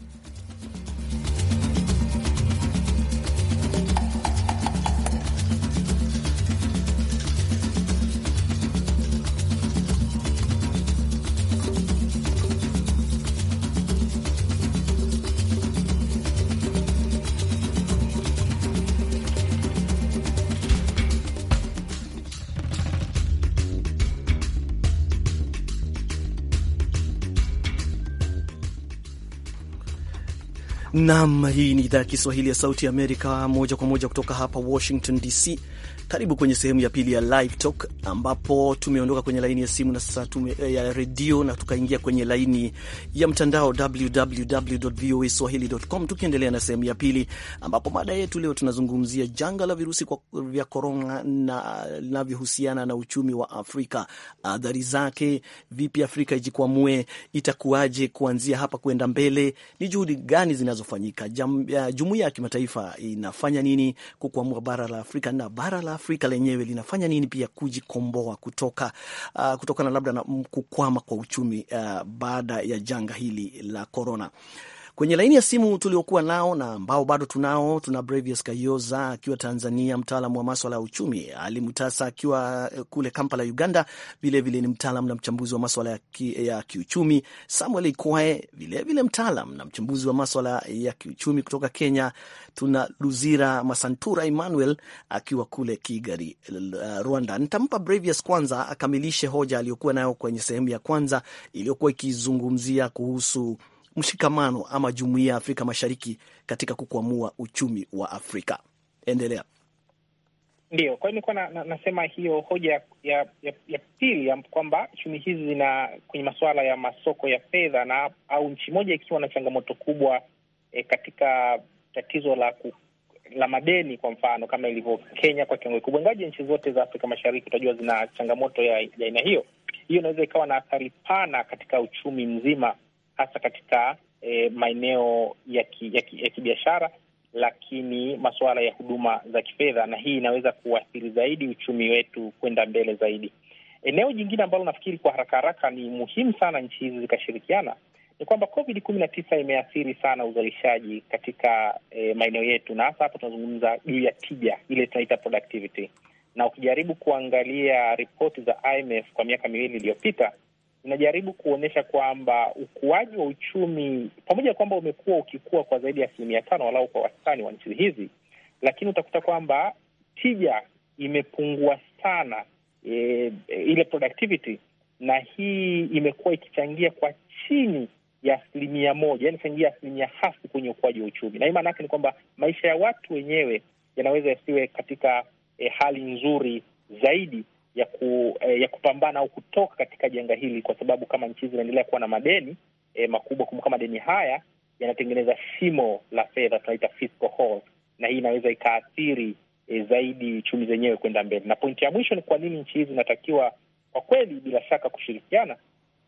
Nam, hii ni idhaa ya Kiswahili ya Sauti ya Amerika, moja kwa moja kutoka hapa Washington DC. Karibu kwenye sehemu ya pili ya Live Talk ambapo tumeondoka kwenye laini ya simu na sasa tume, eh, ya redio na tukaingia kwenye laini ya mtandao www.voaswahili.com, tukiendelea na sehemu ya pili ambapo mada yetu leo tunazungumzia janga la virusi kwa, vya korona na linavyohusiana na uchumi wa Afrika, adhari zake vipi, Afrika ijikwamue, itakuwaje kuanzia hapa kwenda mbele, ni juhudi gani zinazofanyika, eh, jumuiya ya kimataifa inafanya nini kukwamua bara la Afrika na bara la Afrika lenyewe linafanya nini pia kujikomboa kutoka uh, kutokana labda na kukwama kwa uchumi uh, baada ya janga hili la korona. Kwenye laini ya simu tuliokuwa nao na ambao bado tunao, tuna Brevius Kayoza akiwa Tanzania, mtaalamu wa maswala ya uchumi, Ali Mutasa akiwa eh, kule Kampala, Uganda, vilevile ni mtaalam na mchambuzi wa maswala ya, ki, ya kiuchumi, Samuel Ikwae vilevile mtaalam na mchambuzi wa maswala ya kiuchumi kutoka Kenya, tuna Luzira Masantura Emmanuel akiwa kule Kigali, uh, Rwanda. Nitampa Brevius kwanza akamilishe hoja aliyokuwa nayo kwenye sehemu ya kwanza iliyokuwa ikizungumzia kuhusu mshikamano ama jumuiya ya Afrika Mashariki katika kukwamua uchumi wa Afrika. Endelea. Ndio, kwa hiyo nilikuwa na, na, nasema hiyo hoja ya, ya, ya, ya pili ya kwamba chumi hizi zina kwenye masuala ya masoko ya fedha na au nchi moja ikiwa na changamoto kubwa eh, katika tatizo la ku, la madeni kwa mfano kama ilivyo Kenya kwa kiwango kikubwa, ingawaje nchi zote za Afrika Mashariki utajua zina changamoto ya aina hiyo, hiyo inaweza ikawa na athari pana katika uchumi mzima hasa katika e, maeneo ya kibiashara ki, lakini masuala ya huduma za kifedha, na hii inaweza kuathiri zaidi uchumi wetu kwenda mbele zaidi. Eneo jingine ambalo nafikiri kwa haraka haraka ni muhimu sana nchi hizi zikashirikiana ni kwamba COVID kumi na tisa imeathiri sana uzalishaji katika e, maeneo yetu, na hasa hapa tunazungumza juu ya tija ile tunaita productivity, na ukijaribu kuangalia ripoti za IMF kwa miaka miwili iliyopita unajaribu kuonyesha kwamba ukuaji wa uchumi pamoja na kwamba umekuwa ukikua kwa zaidi ya asilimia tano walau kwa wastani wa nchi hizi, lakini utakuta kwamba tija imepungua sana, e, e, ile productivity, na hii imekuwa ikichangia kwa chini ya asilimia moja, yani changia asilimia hasi kwenye ukuaji wa uchumi, na hii maana yake ni kwamba maisha ya watu wenyewe yanaweza yasiwe katika e, hali nzuri zaidi ya ku, eh, ya kupambana au kutoka katika janga hili, kwa sababu kama nchi hizi zinaendelea kuwa na madeni eh, makubwa. Kumbuka madeni haya yanatengeneza shimo la fedha, tunaita fiscal hole, na hii inaweza ikaathiri eh, zaidi chumi zenyewe kwenda mbele. Na pointi ya mwisho ni kwa nini nchi hizi zinatakiwa kwa kweli, bila shaka, kushirikiana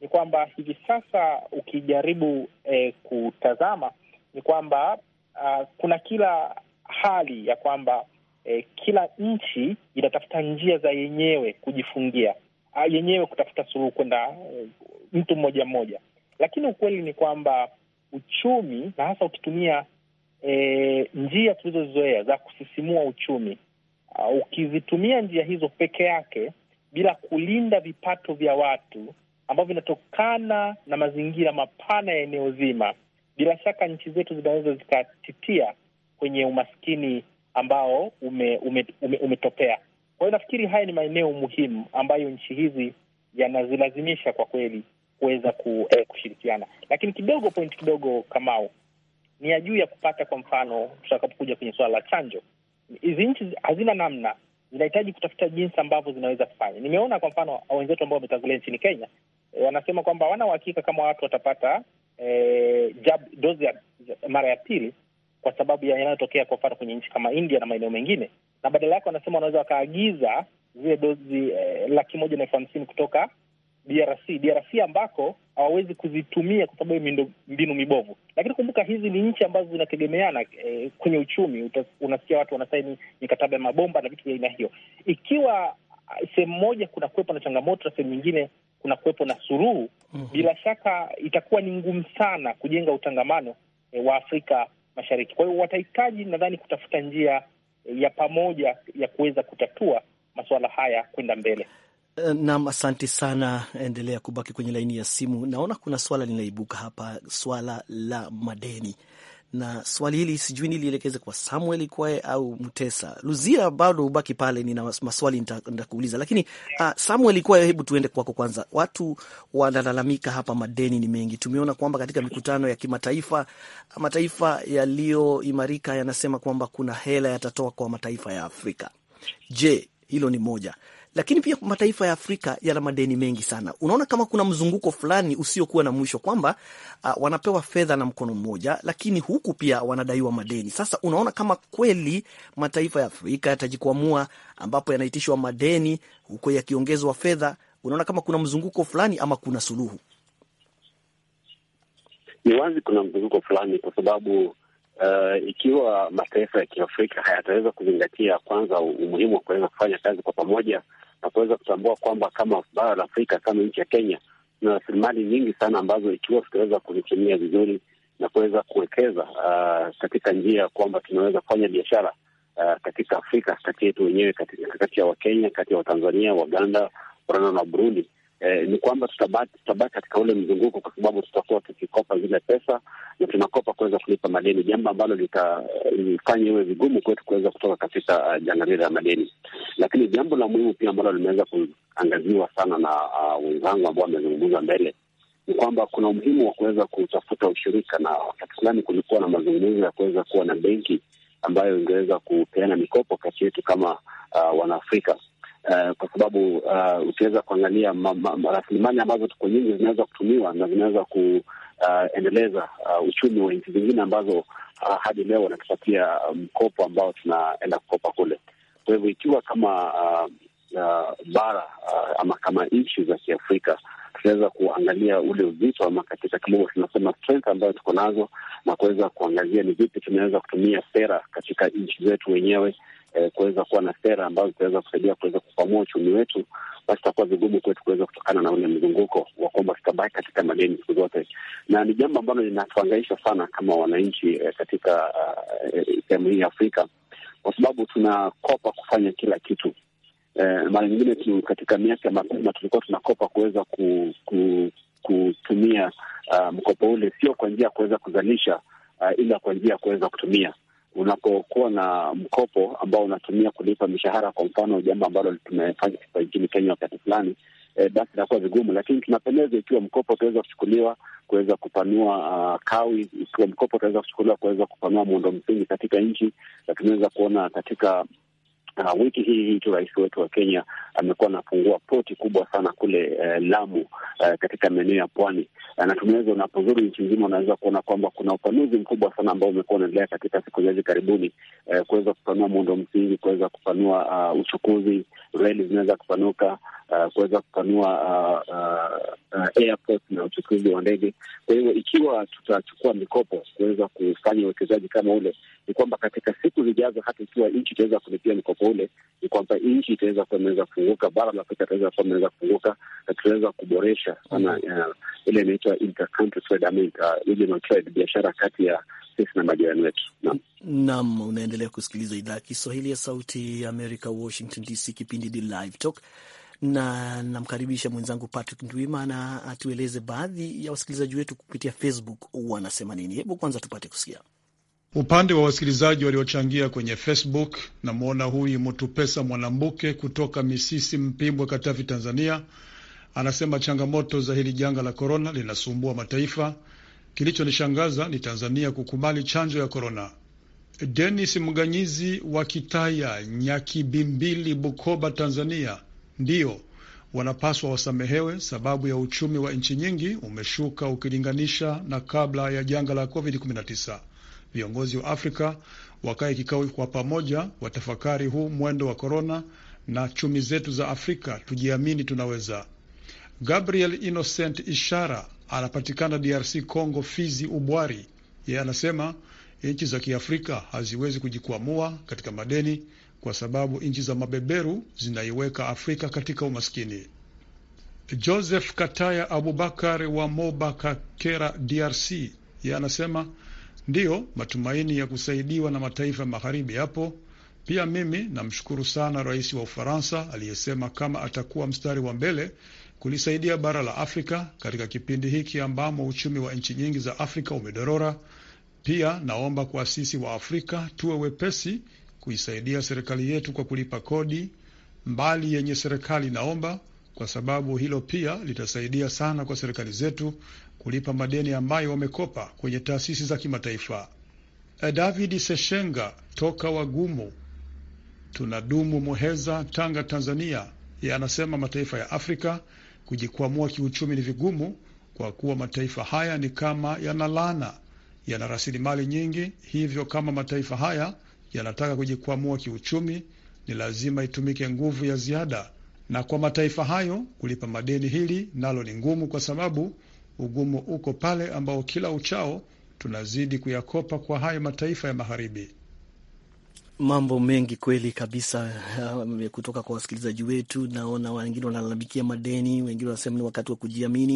ni kwamba hivi sasa ukijaribu eh, kutazama ni kwamba uh, kuna kila hali ya kwamba eh, kila nchi inatafuta njia za yenyewe kujifungia A, yenyewe kutafuta suluhu kwenda eh, mtu mmoja mmoja, lakini ukweli ni kwamba uchumi na hasa ukitumia eh, njia tulizozoea za kusisimua uchumi uh, ukizitumia njia hizo peke yake bila kulinda vipato vya watu ambavyo vinatokana na mazingira mapana ya eneo zima, bila shaka nchi zetu zinaweza zikatitia kwenye umaskini ambao umetokea ume, ume, ume. Kwa hiyo nafikiri haya ni maeneo muhimu ambayo nchi hizi yanazilazimisha kwa kweli kuweza ku, eh, kushirikiana. Lakini kidogo point kidogo Kamau ni ya juu ya kupata, kwa mfano tutakapokuja kwenye suala la chanjo, hizi nchi hazina namna, zinahitaji kutafuta jinsi ambavyo zinaweza kufanya. Nimeona kwa mfano wenzetu ambao wametangulia nchini Kenya e, wanasema kwamba wana uhakika kama watu watapata e, jab, dozi ya mara ya pili kwa sababu ya yanayotokea kwa mfano kwenye nchi kama India na maeneo mengine, na badala yake wanasema wanaweza wakaagiza zile dozi eh, laki moja na elfu hamsini kutoka DRC, DRC ambako hawawezi kuzitumia kwa sababu ya mbinu mibovu. Lakini kumbuka hizi ni nchi ambazo zinategemeana eh, kwenye uchumi. unasikia watu wanasaini mikataba ya mabomba na vitu vya aina hiyo. Ikiwa ah, sehemu moja kuna kuwepo na changamoto na sehemu nyingine kuna kuwepo na suruhu, mhm. bila shaka itakuwa ni ngumu sana kujenga utangamano eh, wa Afrika Mashariki. Kwa hiyo watahitaji, nadhani, kutafuta njia ya pamoja ya kuweza kutatua masuala haya kwenda mbele. Eh, naam, asante sana. Endelea kubaki kwenye laini ya simu. Naona kuna swala linaibuka hapa, swala la madeni na swali hili sijui nilielekeze kwa Samuel Kwae au Mtesa Luzia. Bado ubaki pale, nina maswali nitakuuliza, lakini uh, Samuel Kwae, hebu tuende kwako kwanza. Watu wanalalamika hapa, madeni ni mengi. Tumeona kwamba katika mikutano ya kimataifa mataifa yaliyoimarika yanasema kwamba kuna hela yatatoa kwa mataifa ya Afrika. Je, hilo ni moja lakini pia mataifa ya Afrika yana madeni mengi sana. Unaona kama kuna mzunguko fulani usiokuwa na mwisho kwamba uh, wanapewa fedha na mkono mmoja, lakini huku pia wanadaiwa madeni. Sasa unaona kama kweli mataifa ya Afrika yatajikwamua, ambapo yanaitishwa madeni huko yakiongezwa fedha. Unaona kama kuna mzunguko fulani ama kuna suluhu? Ni wazi kuna mzunguko fulani kwa sababu Uh, ikiwa mataifa ya Kiafrika hayataweza kuzingatia kwanza umuhimu wa kuweza kufanya kazi kwa pamoja, na kuweza kutambua kwamba kama bara la Afrika kama nchi ya Kenya tuna rasilimali nyingi sana ambazo ikiwa tutaweza kuzitumia vizuri na kuweza kuwekeza uh, katika njia ya kwamba tunaweza kufanya biashara uh, katika Afrika kati yetu wenyewe, kati ya Wakenya, kati ya Watanzania, Waganda, Rwanda na Burundi eh, ni kwamba tutabaki tutabaki katika ule mzunguko, kwa sababu tutakuwa tukikopa zile pesa na tunakopa kuweza kulipa madeni, jambo ambalo litafanya eh, iwe vigumu kwetu kuweza kutoka katika uh, eh, janga lile la madeni. Lakini jambo la muhimu pia ambalo limeweza kuangaziwa sana na ah, wenzangu ambao wamezungumza mbele ni kwamba kuna umuhimu wa kuweza kutafuta ushirika, na wakati fulani kulikuwa na mazungumzo ya kuweza kuwa na benki ambayo ingeweza kupeana mikopo kati yetu kama uh, Wanaafrika uh, kwa sababu uh, eh, ukiweza kuangalia rasilimali ambazo tuko nyingi zinaweza kutumiwa na zinaweza kuendeleza eh, uh, uh, uchumi wa nchi zingine ambazo uh, hadi leo wanatupatia mkopo ambao tunaenda kukopa kule. Kwa hivyo ikiwa kama uh, uh, bara uh, ama kama nchi za Kiafrika tunaweza kuangalia ule uzito ama katika kilugha tunasema strength ambayo tuko nazo na kuweza kuangazia ni vipi tunaweza kutumia sera katika nchi zetu wenyewe eh, kuweza kuwa na sera ambazo zitaweza kusaidia kuweza kupamua uchumi wetu, basi itakuwa vigumu kwetu kuweza kutokana na ule mzunguko wa kwamba tutabaki katika madeni siku zote, na ni jambo ambalo linatuangaisha sana kama wananchi eh, katika eh, eh, sehemu uh, hii ya Afrika kwa sababu tunakopa kufanya kila kitu. Eh, mara nyingine tu katika miaka ya mapema tulikuwa tunakopa kuweza ku, ku, kutumia uh, mkopo ule sio kwa njia ya kuweza kuzalisha uh, ila kwa njia ya kuweza kutumia unapokuwa na mkopo ambao unatumia kulipa mishahara, kwa mfano, jambo ambalo tumefanya nchini Kenya wakati fulani, e, basi inakuwa vigumu, lakini tunapendeza ikiwa mkopo utaweza kuchukuliwa kuweza kupanua uh, kawi, ikiwa mkopo utaweza kuchukuliwa kuweza kupanua muundo msingi katika nchi, na tunaweza kuona katika na wiki hii hii tu rais wetu wa Kenya amekuwa anafungua poti kubwa sana kule eh, Lamu eh, katika maeneo ya pwani eh, na tumeweza, unapozuru nchi nzima unaweza kuona kwamba kuna upanuzi mkubwa sana ambao umekuwa unaendelea katika siku za hivi karibuni eh, kuweza kupanua muundo msingi, kuweza kupanua uh, uchukuzi, reli zinaweza kupanuka uh, kuweza kupanua uh, uh, uh, airport na uchukuzi wa ndege. Kwa hivyo ikiwa tutachukua mikopo kuweza kufanya uwekezaji kama ule, ni kwamba katika siku zijazo, hata ikiwa nchi itaweza kulipia mikopo ule ni kwamba nchi itaweza kuwa imeweza kufunguka, bara la Afrika itaweza kuwa imeweza kufunguka na tutaweza kuboresha sana mm. eh, ile inaitwa intercountry trade ama uh, trade, biashara kati ya sisi na majirani wetu. Naam, unaendelea kusikiliza idhaa ya Kiswahili ya Sauti ya Amerika, Washington DC, kipindi ni Live Talk na namkaribisha mwenzangu Patrick Ndwimana atueleze baadhi ya wasikilizaji wetu kupitia Facebook wanasema nini. Hebu kwanza tupate kusikia. Upande wa wasikilizaji waliochangia kwenye Facebook, namwona huyu Mutupesa Mwanambuke kutoka Misisi, Mpimbwe, Katavi, Tanzania, anasema changamoto za hili janga la korona linasumbua mataifa. Kilichonishangaza ni Tanzania kukubali chanjo ya korona. Denis Mganyizi wa Kitaya, Nyakibimbili, Bukoba, Tanzania, ndiyo wanapaswa wasamehewe, sababu ya uchumi wa nchi nyingi umeshuka ukilinganisha na kabla ya janga la COVID-19 viongozi wa Afrika wakae kikao kwa pamoja, watafakari huu mwendo wa korona na chumi zetu za Afrika. Tujiamini, tunaweza. Gabriel Innocent Ishara anapatikana DRC Congo, Fizi, Ubwari. Yeye anasema nchi za Kiafrika haziwezi kujikwamua katika madeni kwa sababu nchi za mabeberu zinaiweka Afrika katika umaskini. Joseph Kataya Abubakar wa Mobakakera, DRC, yeye anasema Ndiyo matumaini ya kusaidiwa na mataifa magharibi yapo pia. Mimi namshukuru sana rais wa Ufaransa aliyesema kama atakuwa mstari wa mbele kulisaidia bara la Afrika katika kipindi hiki ambamo uchumi wa nchi nyingi za Afrika umedorora. Pia naomba kwa sisi wa Afrika tuwe wepesi kuisaidia serikali yetu kwa kulipa kodi mbali yenye serikali naomba, kwa sababu hilo pia litasaidia sana kwa serikali zetu kulipa madeni ambayo wamekopa kwenye taasisi za kimataifa. David Seshenga toka Wagumu tunadumu Muheza, Tanga, Tanzania, yeye anasema mataifa ya Afrika kujikwamua kiuchumi ni vigumu kwa kuwa mataifa haya ni kama yanalana, yana rasilimali nyingi. Hivyo kama mataifa haya yanataka kujikwamua kiuchumi, ni lazima itumike nguvu ya ziada, na kwa mataifa hayo kulipa madeni, hili nalo ni ngumu, kwa sababu Ugumu uko pale ambao kila uchao tunazidi kuyakopa kwa hayo mataifa ya magharibi. Mambo mengi kweli kabisa eh, kutoka kwa wasikilizaji wetu. Naona wengine wanalalamikia madeni, wengine wanasema ni wakati wa kujiamini,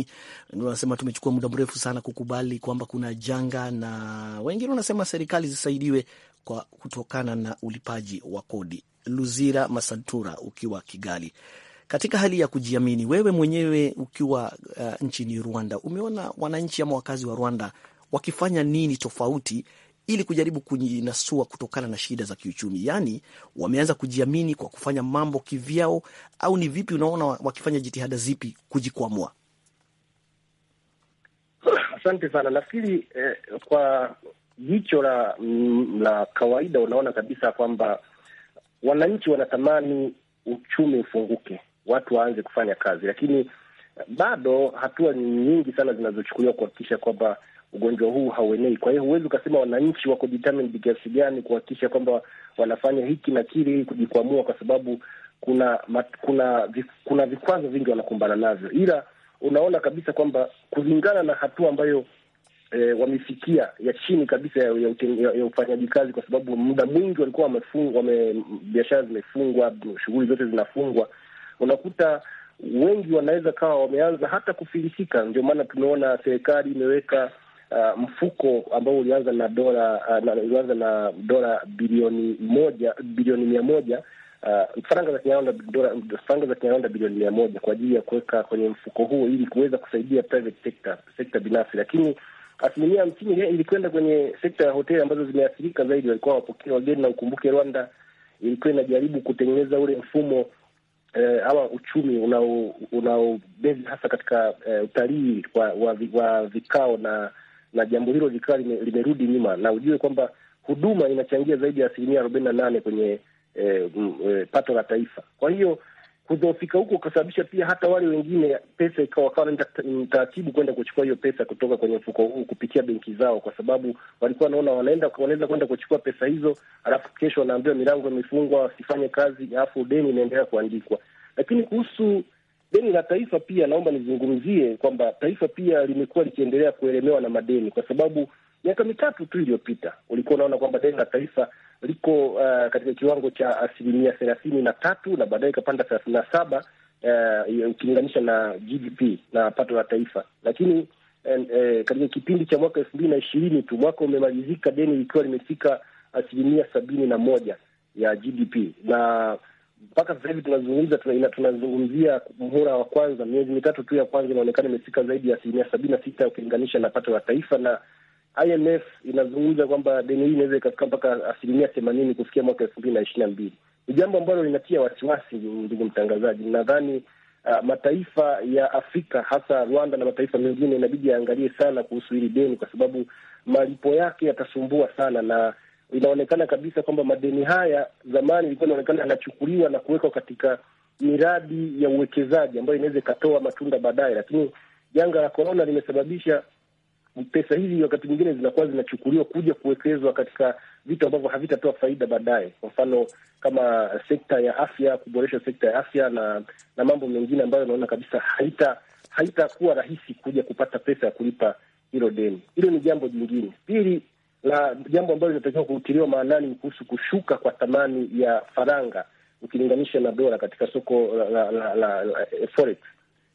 wengine wanasema tumechukua muda mrefu sana kukubali kwamba kuna janga, na wengine wanasema serikali zisaidiwe kwa kutokana na ulipaji wa kodi. Luzira Masantura ukiwa Kigali, katika hali ya kujiamini, wewe mwenyewe ukiwa uh, nchini Rwanda, umeona wananchi ama wakazi wa Rwanda wakifanya nini tofauti ili kujaribu kujinasua kutokana na shida za kiuchumi? Yaani, wameanza kujiamini kwa kufanya mambo kivyao, au ni vipi? Unaona wakifanya jitihada zipi kujikwamua? Asante sana. Nafikiri eh, kwa jicho la, la kawaida unaona kabisa kwamba wananchi wanatamani uchumi ufunguke, watu waanze kufanya kazi, lakini eh, bado hatua nyingi sana zinazochukuliwa kuhakikisha kwamba ugonjwa huu hauenei. Kwa hiyo huwezi ukasema wananchi wako determined kiasi gani kuhakikisha kwamba wanafanya hiki na kile ili kujikwamua, kwa sababu kuna mat, kuna kuna vikwazo vingi wanakumbana navyo, ila unaona kabisa kwamba kulingana na hatua ambayo E, wamefikia ya chini kabisa ya, ya, ya, ya ufanyaji kazi, kwa sababu muda mwingi walikuwa wame, biashara zimefungwa, shughuli zote zinafungwa unakuta wengi wanaweza kawa wameanza hata kufilisika. Ndio maana tumeona serikali imeweka uh, mfuko ambao ulianza na dola uh, na, ulianza na dola bilioni moja bilioni mia moja Uh, faranga za Kinyarwanda faranga za Kinyarwanda bilioni mia moja kwa ajili ya kuweka kwenye mfuko huo ili kuweza kusaidia private sector, sekta binafsi, lakini asilimia hamsini ilikwenda kwenye sekta ya hoteli ambazo zimeathirika zaidi, walikuwa wapokea wageni, na ukumbuke Rwanda ilikuwa inajaribu kutengeneza ule mfumo eh, ama uchumi unaobezi unao hasa katika eh, utalii wa, wa, wa vikao na na jambo hilo likawa lime, limerudi nyuma, na ujue kwamba huduma inachangia zaidi ya asilimia arobaini na nane kwenye eh, m, eh, pato la taifa. Kwa hiyo kudhoofika huko ukasababisha pia hata wale wengine pesa ikawa ni taratibu kwenda kuchukua hiyo pesa kutoka kwenye mfuko huu kupitia benki zao, kwa sababu walikuwa wanaona wanaenda wanaweza kwenda kuchukua pesa hizo, alafu kesho wanaambiwa milango imefungwa, wasifanye kazi, alafu deni inaendelea kuandikwa. Lakini kuhusu deni la taifa pia naomba nizungumzie kwamba taifa pia limekuwa likiendelea kuelemewa na madeni, kwa sababu miaka mitatu tu iliyopita ulikuwa unaona kwamba deni la taifa liko uh, katika kiwango cha asilimia thelathini na tatu na baadaye ikapanda thelathini na saba uh, ukilinganisha na GDP na pato la taifa, lakini and, uh, katika kipindi cha mwaka elfu mbili na ishirini tu mwaka umemalizika deni likiwa limefika asilimia sabini na moja ya GDP na mpaka sasa hivi tunazungumza tunazungumzia muhula wa kwanza, miezi mitatu tu ya kwanza inaonekana imefika zaidi ya asilimia sabini na sita ukilinganisha na pato la taifa, na IMF inazungumza kwamba deni hii inaweza ikafika mpaka asilimia themanini kufikia mwaka elfu mbili na ishirini na mbili. Ni jambo ambalo linatia wasiwasi, ndugu mtangazaji. Nadhani uh, mataifa ya Afrika hasa Rwanda na mataifa mengine inabidi yaangalie sana kuhusu hili deni, kwa sababu malipo yake yatasumbua sana, na inaonekana kabisa kwamba madeni haya zamani ilikuwa inaonekana yanachukuliwa na kuwekwa katika miradi ya uwekezaji ambayo inaweza ikatoa matunda baadaye, lakini janga la korona limesababisha pesa hizi wakati mwingine zinakuwa zinachukuliwa kuja kuwekezwa katika vitu ambavyo havitatoa faida baadaye. Kwa mfano kama sekta ya afya, kuboresha sekta ya afya na na mambo mengine ambayo naona kabisa haita haitakuwa rahisi kuja kupata pesa ya kulipa hilo deni. Hilo ni jambo jingine. Pili, la jambo ambalo linatakiwa kutiliwa maanani ni kuhusu kushuka kwa thamani ya faranga ukilinganisha na dola katika soko la, la, la, la, la forex.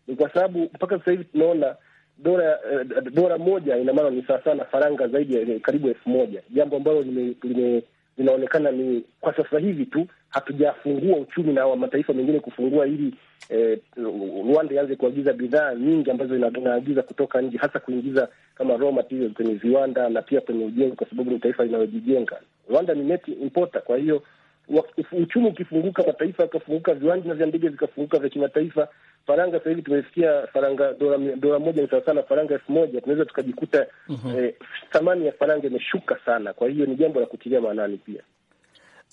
Ni kwa sababu mpaka sasa hivi tunaona dola uh, eh, dola moja ina maana ni sawasawa na faranga zaidi ya karibu elfu moja jambo ambalo linaonekana ni kwa sasa hivi tu hatujafungua uchumi na mataifa mengine kufungua ili eh, Rwanda ianze kuagiza bidhaa nyingi ambazo inaagiza kutoka nje, hasa kuingiza kama raw materials kwenye viwanda na pia kwenye ujenzi, kwa sababu ni taifa linalojijenga. Rwanda ni net importer, kwa hiyo uchumi ukifunguka, mataifa yakafunguka, viwanja vya ndege vikafunguka vya kimataifa, faranga sahivi tumesikia tumefikia faranga dola, dola moja ni sawasawa na faranga elfu moja tunaweza tukajikuta mhm. eh, thamani eh, ya faranga imeshuka sana. Kwa hiyo ni jambo la kutilia maanani pia.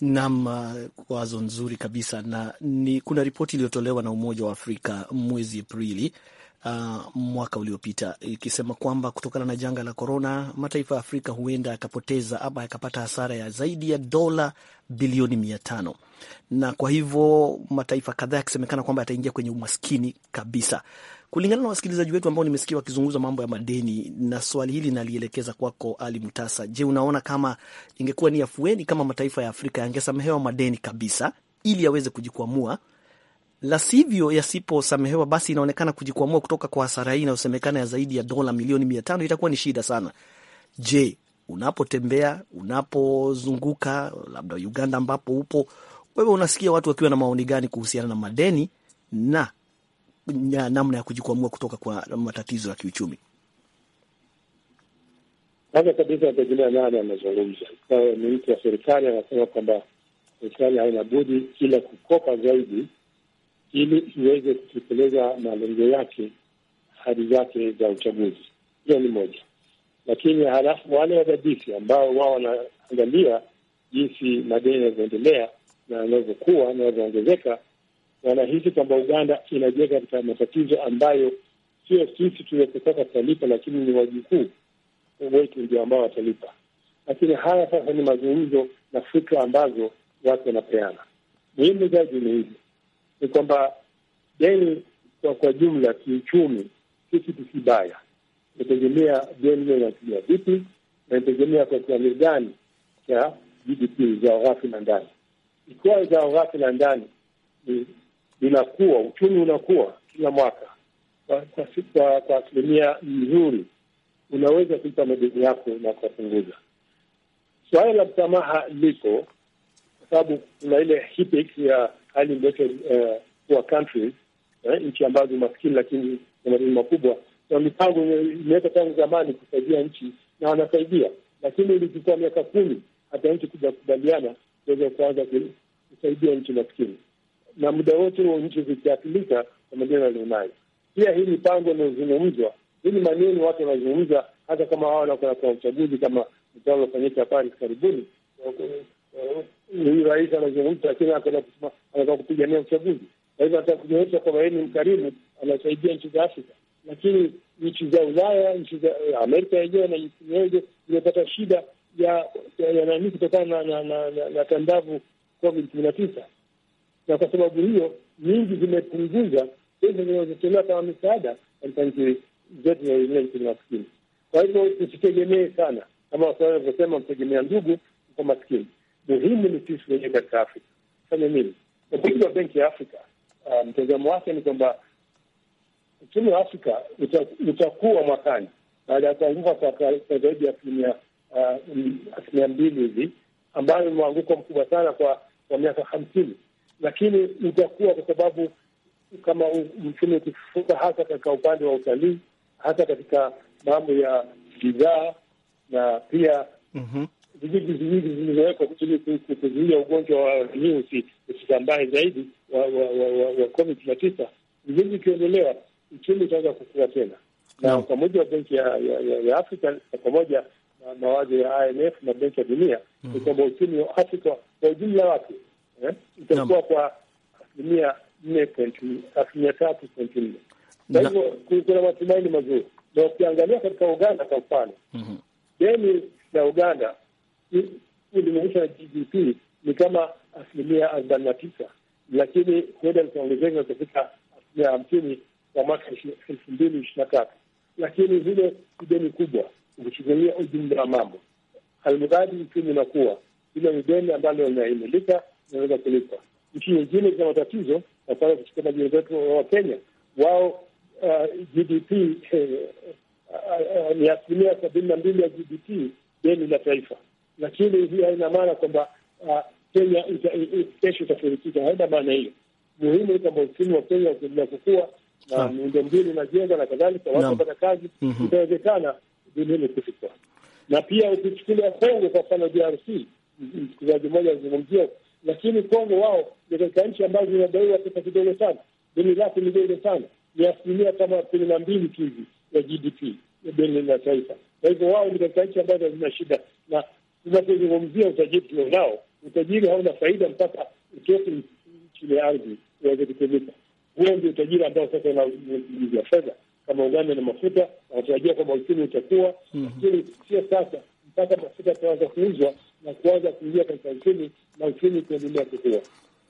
Naam, uh, wazo nzuri kabisa na ni kuna ripoti iliyotolewa na Umoja wa Afrika mwezi Aprili uh, mwaka uliopita ikisema kwamba kutokana na janga la korona mataifa ya Afrika huenda yakapoteza ama yakapata hasara ya zaidi ya dola bilioni mia tano na kwa hivyo mataifa kadhaa yakisemekana kwamba yataingia kwenye umaskini kabisa kulingana na wasikilizaji wetu ambao nimesikia wakizungumza mambo ya madeni, na swali hili nalielekeza kwako Ali Mtasa. Je, unaona kama ingekuwa ni afueni kama mataifa ya Afrika yangesamehewa madeni kabisa ili yaweze kujikwamua la sivyo yasiposamehewa, basi inaonekana kujikwamua kutoka kwa hasara hii inayosemekana ya zaidi ya dola milioni mia tano itakuwa ni shida sana. Je, unapotembea unapozunguka, labda Uganda ambapo upo wewe, unasikia watu wakiwa na maoni gani kuhusiana na madeni na namna ya kujikwamua kutoka kwa matatizo ya kiuchumi? Kwanza kabisa nategemea nani anazungumza. Ni mtu wa serikali anasema kwamba serikali haina budi ila kukopa zaidi ili iweze kutekeleza malengo yake, hadi zake za uchaguzi. Hiyo ni moja, lakini halafu wale wadadisi ambao wao wanaangalia jinsi madeni yanavyoendelea na yanavyokuwa na yanavyoongezeka, wanahisi kwamba Uganda inajenga katika matatizo ambayo sio sisi tuliokotoka tutalipa, lakini ni wajukuu wetu ndio ambao watalipa. Lakini haya sasa ni mazungumzo na fikra ambazo watu wanapeana. Muhimu zaidi ni hivi ni kwamba deni kwa kwa jumla kiuchumi si kitu kibaya, inategemea deni hiyo inatumia vipi na inategemea kwa kiwango gani cha GDP, zao ghafi la ndani. Ikiwa zao ghafi la ndani linakuwa, uchumi unakuwa kila mwaka kwa asilimia nzuri, unaweza kulipa madeni yako na kuwapunguza. Suala la msamaha lipo kwa sababu kuna ile ya highly indebted uh, eh, poor countries eh, nchi ambazo maskini lakini na madeni makubwa, na mipango imeweka tangu zamani kusaidia nchi na wanasaidia, lakini ilichukua miaka kumi hata nchi kuja kukubaliana kuweza kuanza kusaidia nchi maskini, na muda wote huo nchi zikiathirika kwa madeni alionayo Pia hii mipango inayozungumzwa, hii ni maneno watu wanazungumza, hata kama hawa nakuna kuna uchaguzi kama mkutano uliofanyika Paris karibuni Eh, huyu rais anazungumza, lakini anataka kupigania uchaguzi. Kwa hivyo anataka kuonyesha kwamba yeye ni mkarimu, anasaidia nchi za Afrika, lakini nchi za Ulaya, nchi za eh, Amerika yenyewe na nchi nyinginezo imepata shida ya nani kutokana na tandavu COVID kumi na tisa, na kwa sababu hiyo nyingi zimepunguza pesa zinazotolewa kama misaada katika nchi zetu za nchi maskini. Kwa hivyo tusitegemee sana, kama waswahili wanavyosema, mtegemea ndugu kwa maskini muhimu ni sisi wenyewe katika Afrika fanya nini. Upiji wa benki ya Afrika uh, mtazamo um, wake ni kwamba uchumi wa Afrika utakuwa mwakani baada ya kuanguka kwa zaidi ya uh, asilimia mbili hivi, ambayo ni mwanguko mkubwa sana kwa kwa miaka hamsini, lakini utakuwa kwa sababu kama mchumi ukifufuka, hasa katika upande wa utalii, hasa katika mambo ya bidhaa na pia mm -hmm vijiji viwili vilivyowekwa kuzuia ugonjwa wa virusi usisambae zaidi wa covid kumi na tisa. Vijiji ikiondolewa, uchumi utaweza kukua tena, na pamoja wa benki ya Afrika na pamoja na mawazo ya IMF na benki ya dunia mm-hmm. ni kwamba uchumi wa Afrika kwa ujumla wake eh, utakuwa kwa asilimia nne asilimia tatu pointi nne. Kwa hivyo kuna matumaini mazuri, na ukiangalia katika Uganda kwa mfano mm-hmm. deni la Uganda ulinganisha na GDP ni kama asilimia arobaini na tisa, lakini huenda likaongezeka katika asilimia hamsini kwa mwaka elfu mbili ishirini na tatu. Lakini vile ideni kubwa ukichukulia ujumla wa mambo, almradi uchumi unakuwa, hilo ni deni ambalo linaimilika, linaweza kulipwa. Nchi nyingine zina matatizo, napana kuchukua majina zetu wa Kenya, wao uh, GDP eh, eh, eh, ni asilimia sabini na mbili ya GDP deni la taifa lakini hii haina maana kwamba uh, Kenya kesho itafurikika, haina maana hiyo. Muhimu ni kwamba uchumi wa Kenya ukiendelea kukua na miundo miundombinu inajengwa na kadhalika, watu wapata kazi, mhm. itawezekana duniani kufika. Na pia ukichukulia Kongo kwa mfano, DRC, msikilizaji mmoja alizungumzia, lakini Kongo wao ni katika nchi ambazo zinadaiwa pesa kidogo sana, deni lake ni dogo sana, ni asilimia kama kumi na mbili tu hivi ya GDP ya deni la taifa. Kwa hivyo wao ni katika nchi ambazo hazina shida na tunapozungumzia utajiri tulionao, utajiri hauna faida mpaka utoke chini ya ardhi uweze kutumika. Huo ndio utajiri ambao sasa unauzia fedha kama uganda na mafuta, wanatarajia kwamba uchumi utakuwa, mhm. lakini sio sasa mpaka mafuta yataanza kuuzwa na kuanza kuingia katika uchumi na uchumi kuendelea kukua.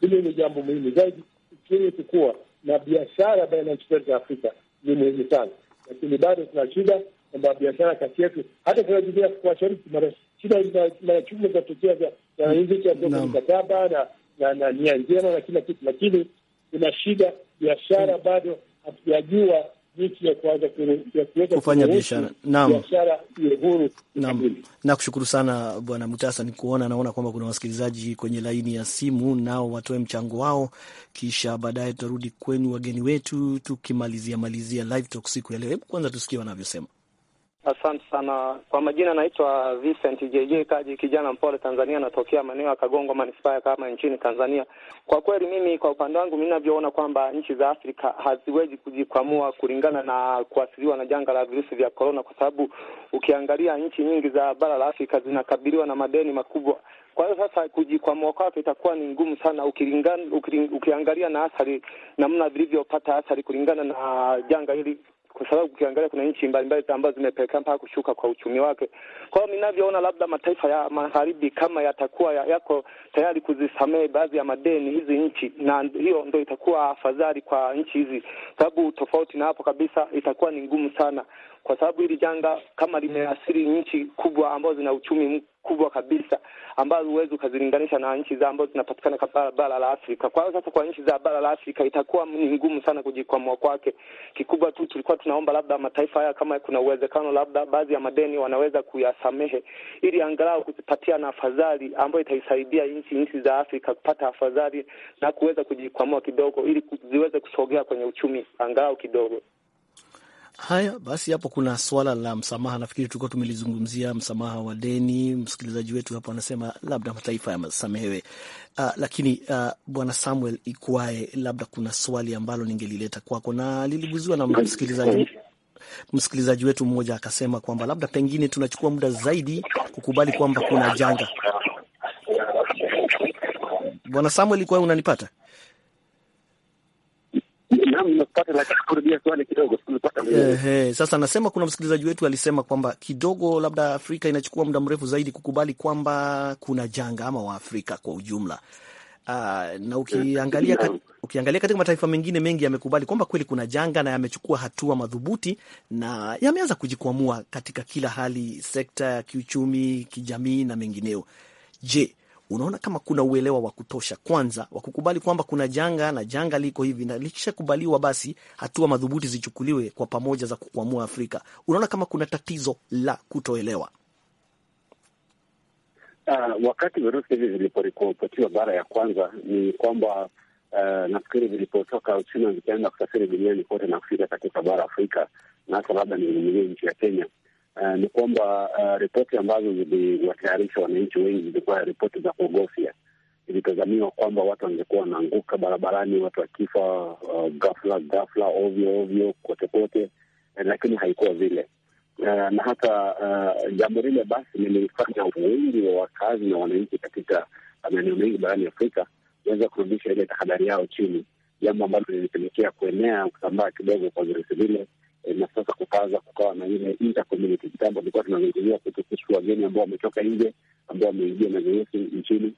Hili ni jambo muhimu zaidi, uchumi kukua na biashara baina ya nchi zetu za Afrika ni muhimu sana, lakini bado tuna shida kwamba biashara kati yetu hata tunajilia kwa shariki mara kila mara zinatokea vya hizi cha mkataba na na na nia njema na kila kitu, lakini kuna shida biashara, mm. bado hatujajua kufanya biashara. Naam, Naam, nakushukuru sana Bwana Mutasa. Ni kuona naona kwamba kuna wasikilizaji kwenye laini ya simu, nao watoe mchango wao, kisha baadaye tutarudi kwenu wageni wetu, tukimalizia malizia live talk siku ya leo. Hebu kwanza tusikie wanavyosema. Asante sana kwa majina, naitwa Vincent JJ Kaji, kijana mpole Tanzania, natokea maeneo ya Kagongo, manispaa ya Kahama nchini Tanzania. Kwa kweli mimi kwa upande wangu mi navyoona kwamba nchi za Afrika haziwezi kujikwamua kulingana na kuathiriwa na janga la virusi vya korona, kwa sababu ukiangalia nchi nyingi za bara la Afrika zinakabiliwa na madeni makubwa. Kwa hiyo sasa kujikwamua kwake itakuwa ni ngumu sana, ukiangalia na athari namna vilivyopata athari kulingana na janga hili kwa sababu ukiangalia kuna nchi mbalimbali ambazo zimepelekea mpaka kushuka kwa uchumi wake. Kwa hiyo ninavyoona, labda mataifa ya magharibi kama yatakuwa ya, yako tayari kuzisamehe baadhi ya madeni hizi nchi, na hiyo ndo itakuwa afadhali kwa nchi hizi, sababu tofauti na hapo kabisa itakuwa ni ngumu sana kwa sababu hili janga kama limeathiri nchi kubwa ambazo zina uchumi mkubwa kabisa, ambazo huwezi ukazilinganisha na nchi za ambazo zinapatikana katika bara la Afrika. Kwa hiyo sasa, kwa nchi za bara la Afrika itakuwa ni ngumu sana kujikwamua kwake. Kikubwa tu tulikuwa tunaomba labda mataifa haya, kama kuna uwezekano, labda baadhi ya madeni wanaweza kuyasamehe, ili angalau kuzipatia na afadhali ambayo itaisaidia nchi nchi za Afrika kupata afadhali na kuweza kujikwamua kidogo, ili ziweze kusogea kwenye uchumi angalau kidogo. Haya basi, hapo kuna swala la msamaha, nafikiri tulikuwa tumelizungumzia msamaha wa deni. Msikilizaji wetu hapo anasema labda mataifa yamesamehewe. Uh, lakini uh, bwana Samuel Ikwae, labda kuna swali ambalo ningelileta kwako na liliguziwa na msikilizaji msikilizaji wetu mmoja akasema kwamba labda pengine tunachukua muda zaidi kukubali kwamba kuna janga. Bwana Samuel Ikwae, unanipata? sasa nasema kuna msikilizaji wetu alisema kwamba kidogo labda Afrika inachukua muda mrefu zaidi kukubali kwamba kuna janga ama Waafrika kwa ujumla. Uh, na ukiangalia kat, ukiangalia katika mataifa mengine mengi yamekubali kwamba kweli kuna janga na yamechukua hatua madhubuti na yameanza kujikwamua katika kila hali, sekta ya kiuchumi, kijamii na mengineo. Je, unaona kama kuna uelewa wa kutosha kwanza wa kukubali kwamba kuna janga na janga liko hivi, na likishakubaliwa basi hatua madhubuti zichukuliwe kwa pamoja za kukwamua Afrika. Unaona kama kuna tatizo la kutoelewa? Uh, wakati virusi hivi viliporipotiwa bara ya kwanza ni kwamba uh, nafikiri vilipotoka Uchina vikaenda kusafiri duniani kote na kufika katika bara Afrika na hata labda nivumilie nchi ya Kenya uh, ni kwamba uh, ripoti ambazo ziliwatayarisha wananchi wengi zilikuwa ripoti za kuogofya. Ilitazamiwa kwamba watu wangekuwa wanaanguka barabarani, watu wakifa uh, ghafla ghafla, ovyo ovyo, kote kote, lakini haikuwa vile. Uh, na hata uh, jambo lile basi lilifanya wengi wa wakazi na wananchi katika maeneo mengi barani Afrika waweza kurudisha ile tahadhari yao chini, jambo ambalo lilipelekea kuenea kusambaa kidogo kwa virusi vile Eh, na sasa kukaanza kukawa na ile intercommunity. Kitambo tulikuwa tunazungumzia kuhusu wageni ambao wametoka nje ambao wameingia na virusi nchini,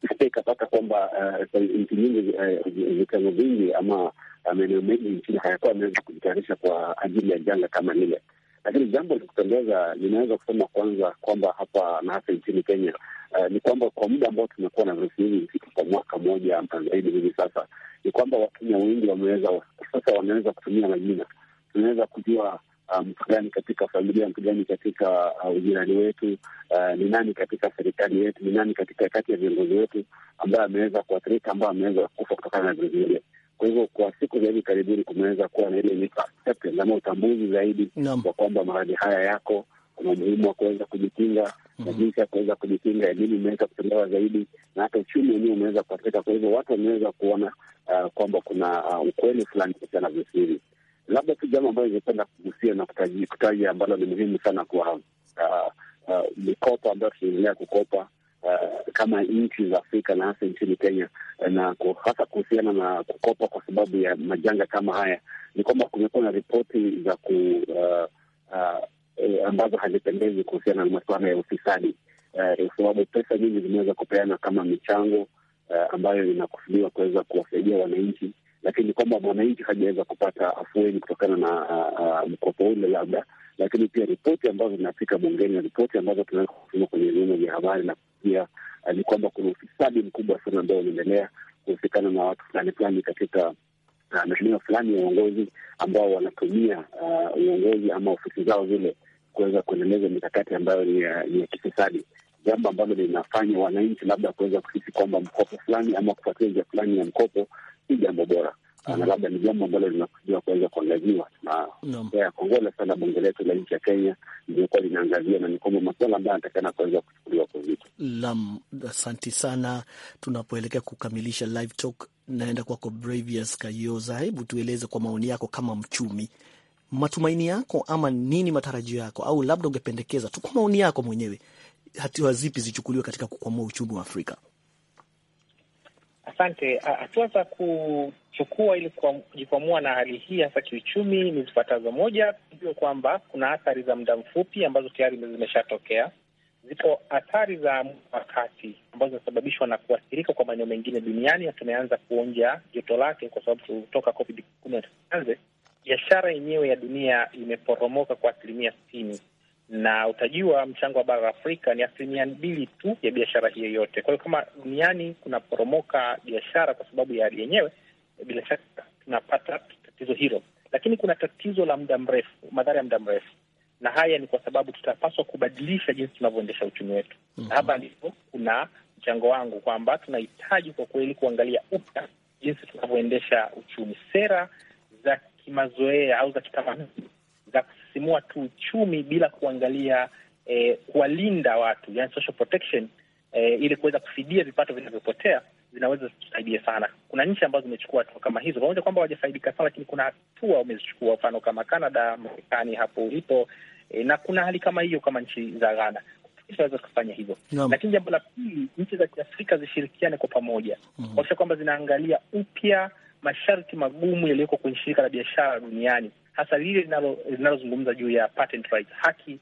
pia um, ikapata kwamba eh, nchi nyingi, eh, vitengo vingi ama maeneo mengi nchini hayakuwa ameweza kujitayarisha kwa ajili ya janga kama lile. Lakini jambo la kupendeza linaweza kusema kwanza kwamba hapa na hasa nchini Kenya uh, ni kwamba kwa muda ambao tumekuwa na virusi hivi vikitu kwa mwaka moja zaidi hivi sasa, ni kwamba Wakenya wengi wameweza sasa, wanaweza kutumia majina, tunaweza kujua ah, mtu um, gani katika familia, mtu gani katika ah, ujirani uh, wetu uh, ni nani katika serikali yetu, ni nani katika kati ya viongozi wetu ambaye ameweza kuathirika, ambaye ameweza kufa kutokana na virusi hivi. Kwa hivyo kwa siku za hivi karibuni kumeweza kuwa na ile acceptance ama utambuzi zaidi wa kwamba maradhi haya yako, kuna umuhimu wa kuweza kujikinga na mhm. jinsi ya kuweza kujikinga. Elimu imeweza kutolewa zaidi na hata uchumi wenyewe umeweza kuathirika. Kwa hivyo watu wameweza kuona uh, kwamba kuna uh, ukweli fulani kuhusiana na virusi hivi. Labda tu jambo ambayo ingependa kugusia na kutaja ambalo ni muhimu sana kwa uh, uh, uh mikopo ambayo tunaendelea kukopa uh, kama nchi za Afrika na hasa nchini Kenya, eh, na hasa kuhusiana na kukopa kwa sababu ya majanga kama haya, ni kwamba kumekuwa na ripoti za ku uh, uh, ambazo hazipendezi kuhusiana na masuala ya ufisadi kwa uh, sababu pesa nyingi zimeweza kupeana kama michango uh, ambayo inakusudiwa kuweza kuwasaidia wananchi, lakini kwamba mwananchi hajaweza kupata afueni kutokana na uh, uh, mkopo ule labda, lakini pia ripoti ambazo zinafika bungeni, ripoti ambazo tunaweza kusoma kwenye vyombo vya habari na pia uh, eh, ni kwamba kuna ufisadi mkubwa sana ambao unaendelea kuhusikana na watu fulani fulani katika uh, eh, mashirika fulani ya uongozi ambao wanatumia uh, uongozi ama ofisi zao zile kuweza kuendeleza mikakati ambayo ni ya kifisadi, jambo ambalo linafanya wananchi labda kuweza kuhisi kwamba mkopo fulani ama kufuatilia njia fulani ya mkopo si jambo bora na labda ni jambo ambalo linakusudiwa kuweza kuangaziwa. ya kongole sana bunge letu la nchi ya Kenya limekuwa linaangazia na ni kwamba masuala ambayo anatakana kuweza kuchukuliwa kwa vitu nam. Asanti sana. Tunapoelekea kukamilisha live talk, naenda kwako Bravius Kayoza, hebu tueleze kwa maoni yako kama mchumi matumaini yako ama nini matarajio yako, au labda ungependekeza tu kwa maoni yako mwenyewe hatua zipi zichukuliwe katika kukwamua uchumi wa Afrika? Asante. Hatua za kuchukua ili kujikwamua na hali hii hasa kiuchumi ni zifuatazo. Moja, tujue kwamba kuna athari za muda mfupi ambazo tayari zimeshatokea. Ziko athari za wakati ambazo zinasababishwa na kuathirika kwa maeneo mengine duniani, na tumeanza kuonja joto lake kwa sababu kutoka COVID kumi tuanze biashara yenyewe ya dunia imeporomoka kwa asilimia sitini na utajua mchango wa bara la Afrika ni asilimia mbili tu ya biashara hiyo yote. Kwa hiyo kama duniani kunaporomoka biashara kwa sababu ya hali yenyewe, bila shaka tunapata tatizo hilo, lakini kuna tatizo la muda mrefu, madhara ya muda mrefu, na haya ni kwa sababu tutapaswa kubadilisha jinsi tunavyoendesha uchumi wetu. mm -hmm. Hapa ndipo kuna mchango wangu kwamba tunahitaji kwa kweli kuangalia upya jinsi tunavyoendesha uchumi, sera za kimazoea au za kitamaduni za kusisimua tu uchumi bila kuangalia eh, kuwalinda watu, yani social protection eh, ili kuweza kufidia vipato vinavyopotea zinaweza zitusaidie sana. Kuna nchi ambazo zimechukua hatua kama hizo, pamoja kwamba wajafaidika sana, lakini kuna hatua wamezichukua, mfano kama Canada, Marekani hapo ulipo eh, na kuna hali kama hiyo kama nchi za Ghana tunaweza tukafanya hivyo no. Lakini jambo la pili, nchi za Kiafrika zishirikiane kwa pamoja mm-hmm. kuakisha mm -hmm. kwamba zinaangalia upya masharti magumu yaliyoko kwenye shirika la biashara duniani hasa lile linalozungumza juu ya patent rights, haki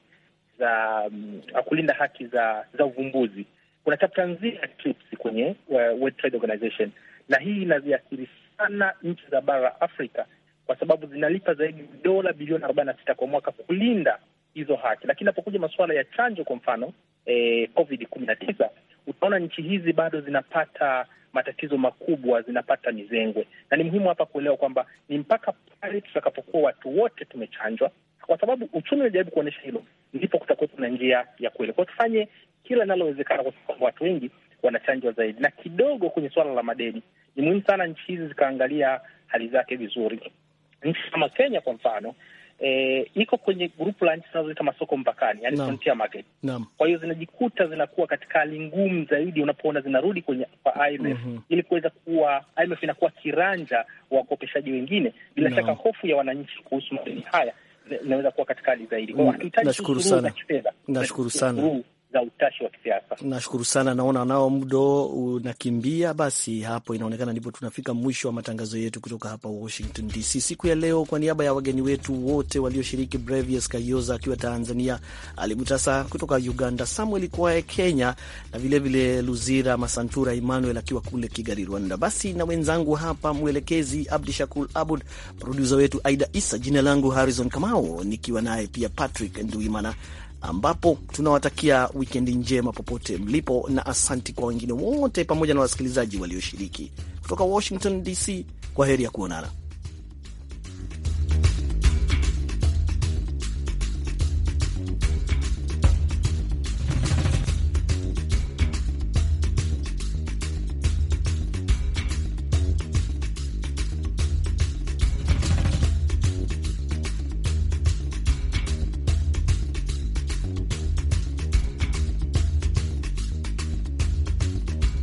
za um, kulinda haki za za uvumbuzi. Kuna chapta nzima ya TRIPS kwenye World Trade Organization, na hii inaziathiri sana nchi za bara Afrika kwa sababu zinalipa zaidi dola bilioni arobaini na sita kwa mwaka kulinda hizo haki, lakini inapokuja masuala ya chanjo, kwa mfano eh, COVID kumi na tisa utaona nchi hizi bado zinapata matatizo makubwa, zinapata mizengwe, na ni muhimu hapa kuelewa kwamba ni mpaka pale tutakapokuwa watu wote tumechanjwa, kwa sababu uchumi unajaribu kuonyesha hilo, ndipo kutakuwepo na njia ya kweli. Kwao tufanye kila linalowezekana kwa kwamba watu wengi wanachanjwa zaidi. Na kidogo kwenye suala la madeni, ni muhimu sana nchi hizi zikaangalia hali zake vizuri. Nchi kama Kenya kwa mfano eh, iko kwenye grupu la nchi zinazoita masoko mpakani, yani frontier market. Kwa hiyo zinajikuta zinakuwa katika hali ngumu zaidi, unapoona zinarudi kwenye kwa IMF mm -hmm. ili kuweza kuwa IMF inakuwa kiranja wa wakopeshaji wengine, bila shaka hofu ya wananchi kuhusu madeni haya inaweza kuwa katika hali zaidi. Kwa hiyo mm, kifedha, nashukuru sana za utashi wa kisiasa. Nashukuru sana, naona nao mdo unakimbia. Basi hapo inaonekana ndipo tunafika mwisho wa matangazo yetu kutoka hapa Washington DC siku ya leo. Kwa niaba ya wageni wetu wote walioshiriki, Brevius Kayoza akiwa Tanzania, Alimutasa kutoka Uganda, Samuel Kwae Kenya, na vilevile vile Luzira Masantura Emmanuel akiwa kule Kigali, Rwanda. Basi na wenzangu hapa, mwelekezi Abdi Shakur Abud, produsa wetu Aida Isa, jina langu Harrison Kamau nikiwa naye pia Patrick Nduimana ambapo tunawatakia wikendi njema popote mlipo, na asanti kwa wengine wote pamoja na wasikilizaji walioshiriki. Kutoka Washington DC, kwa heri ya kuonana.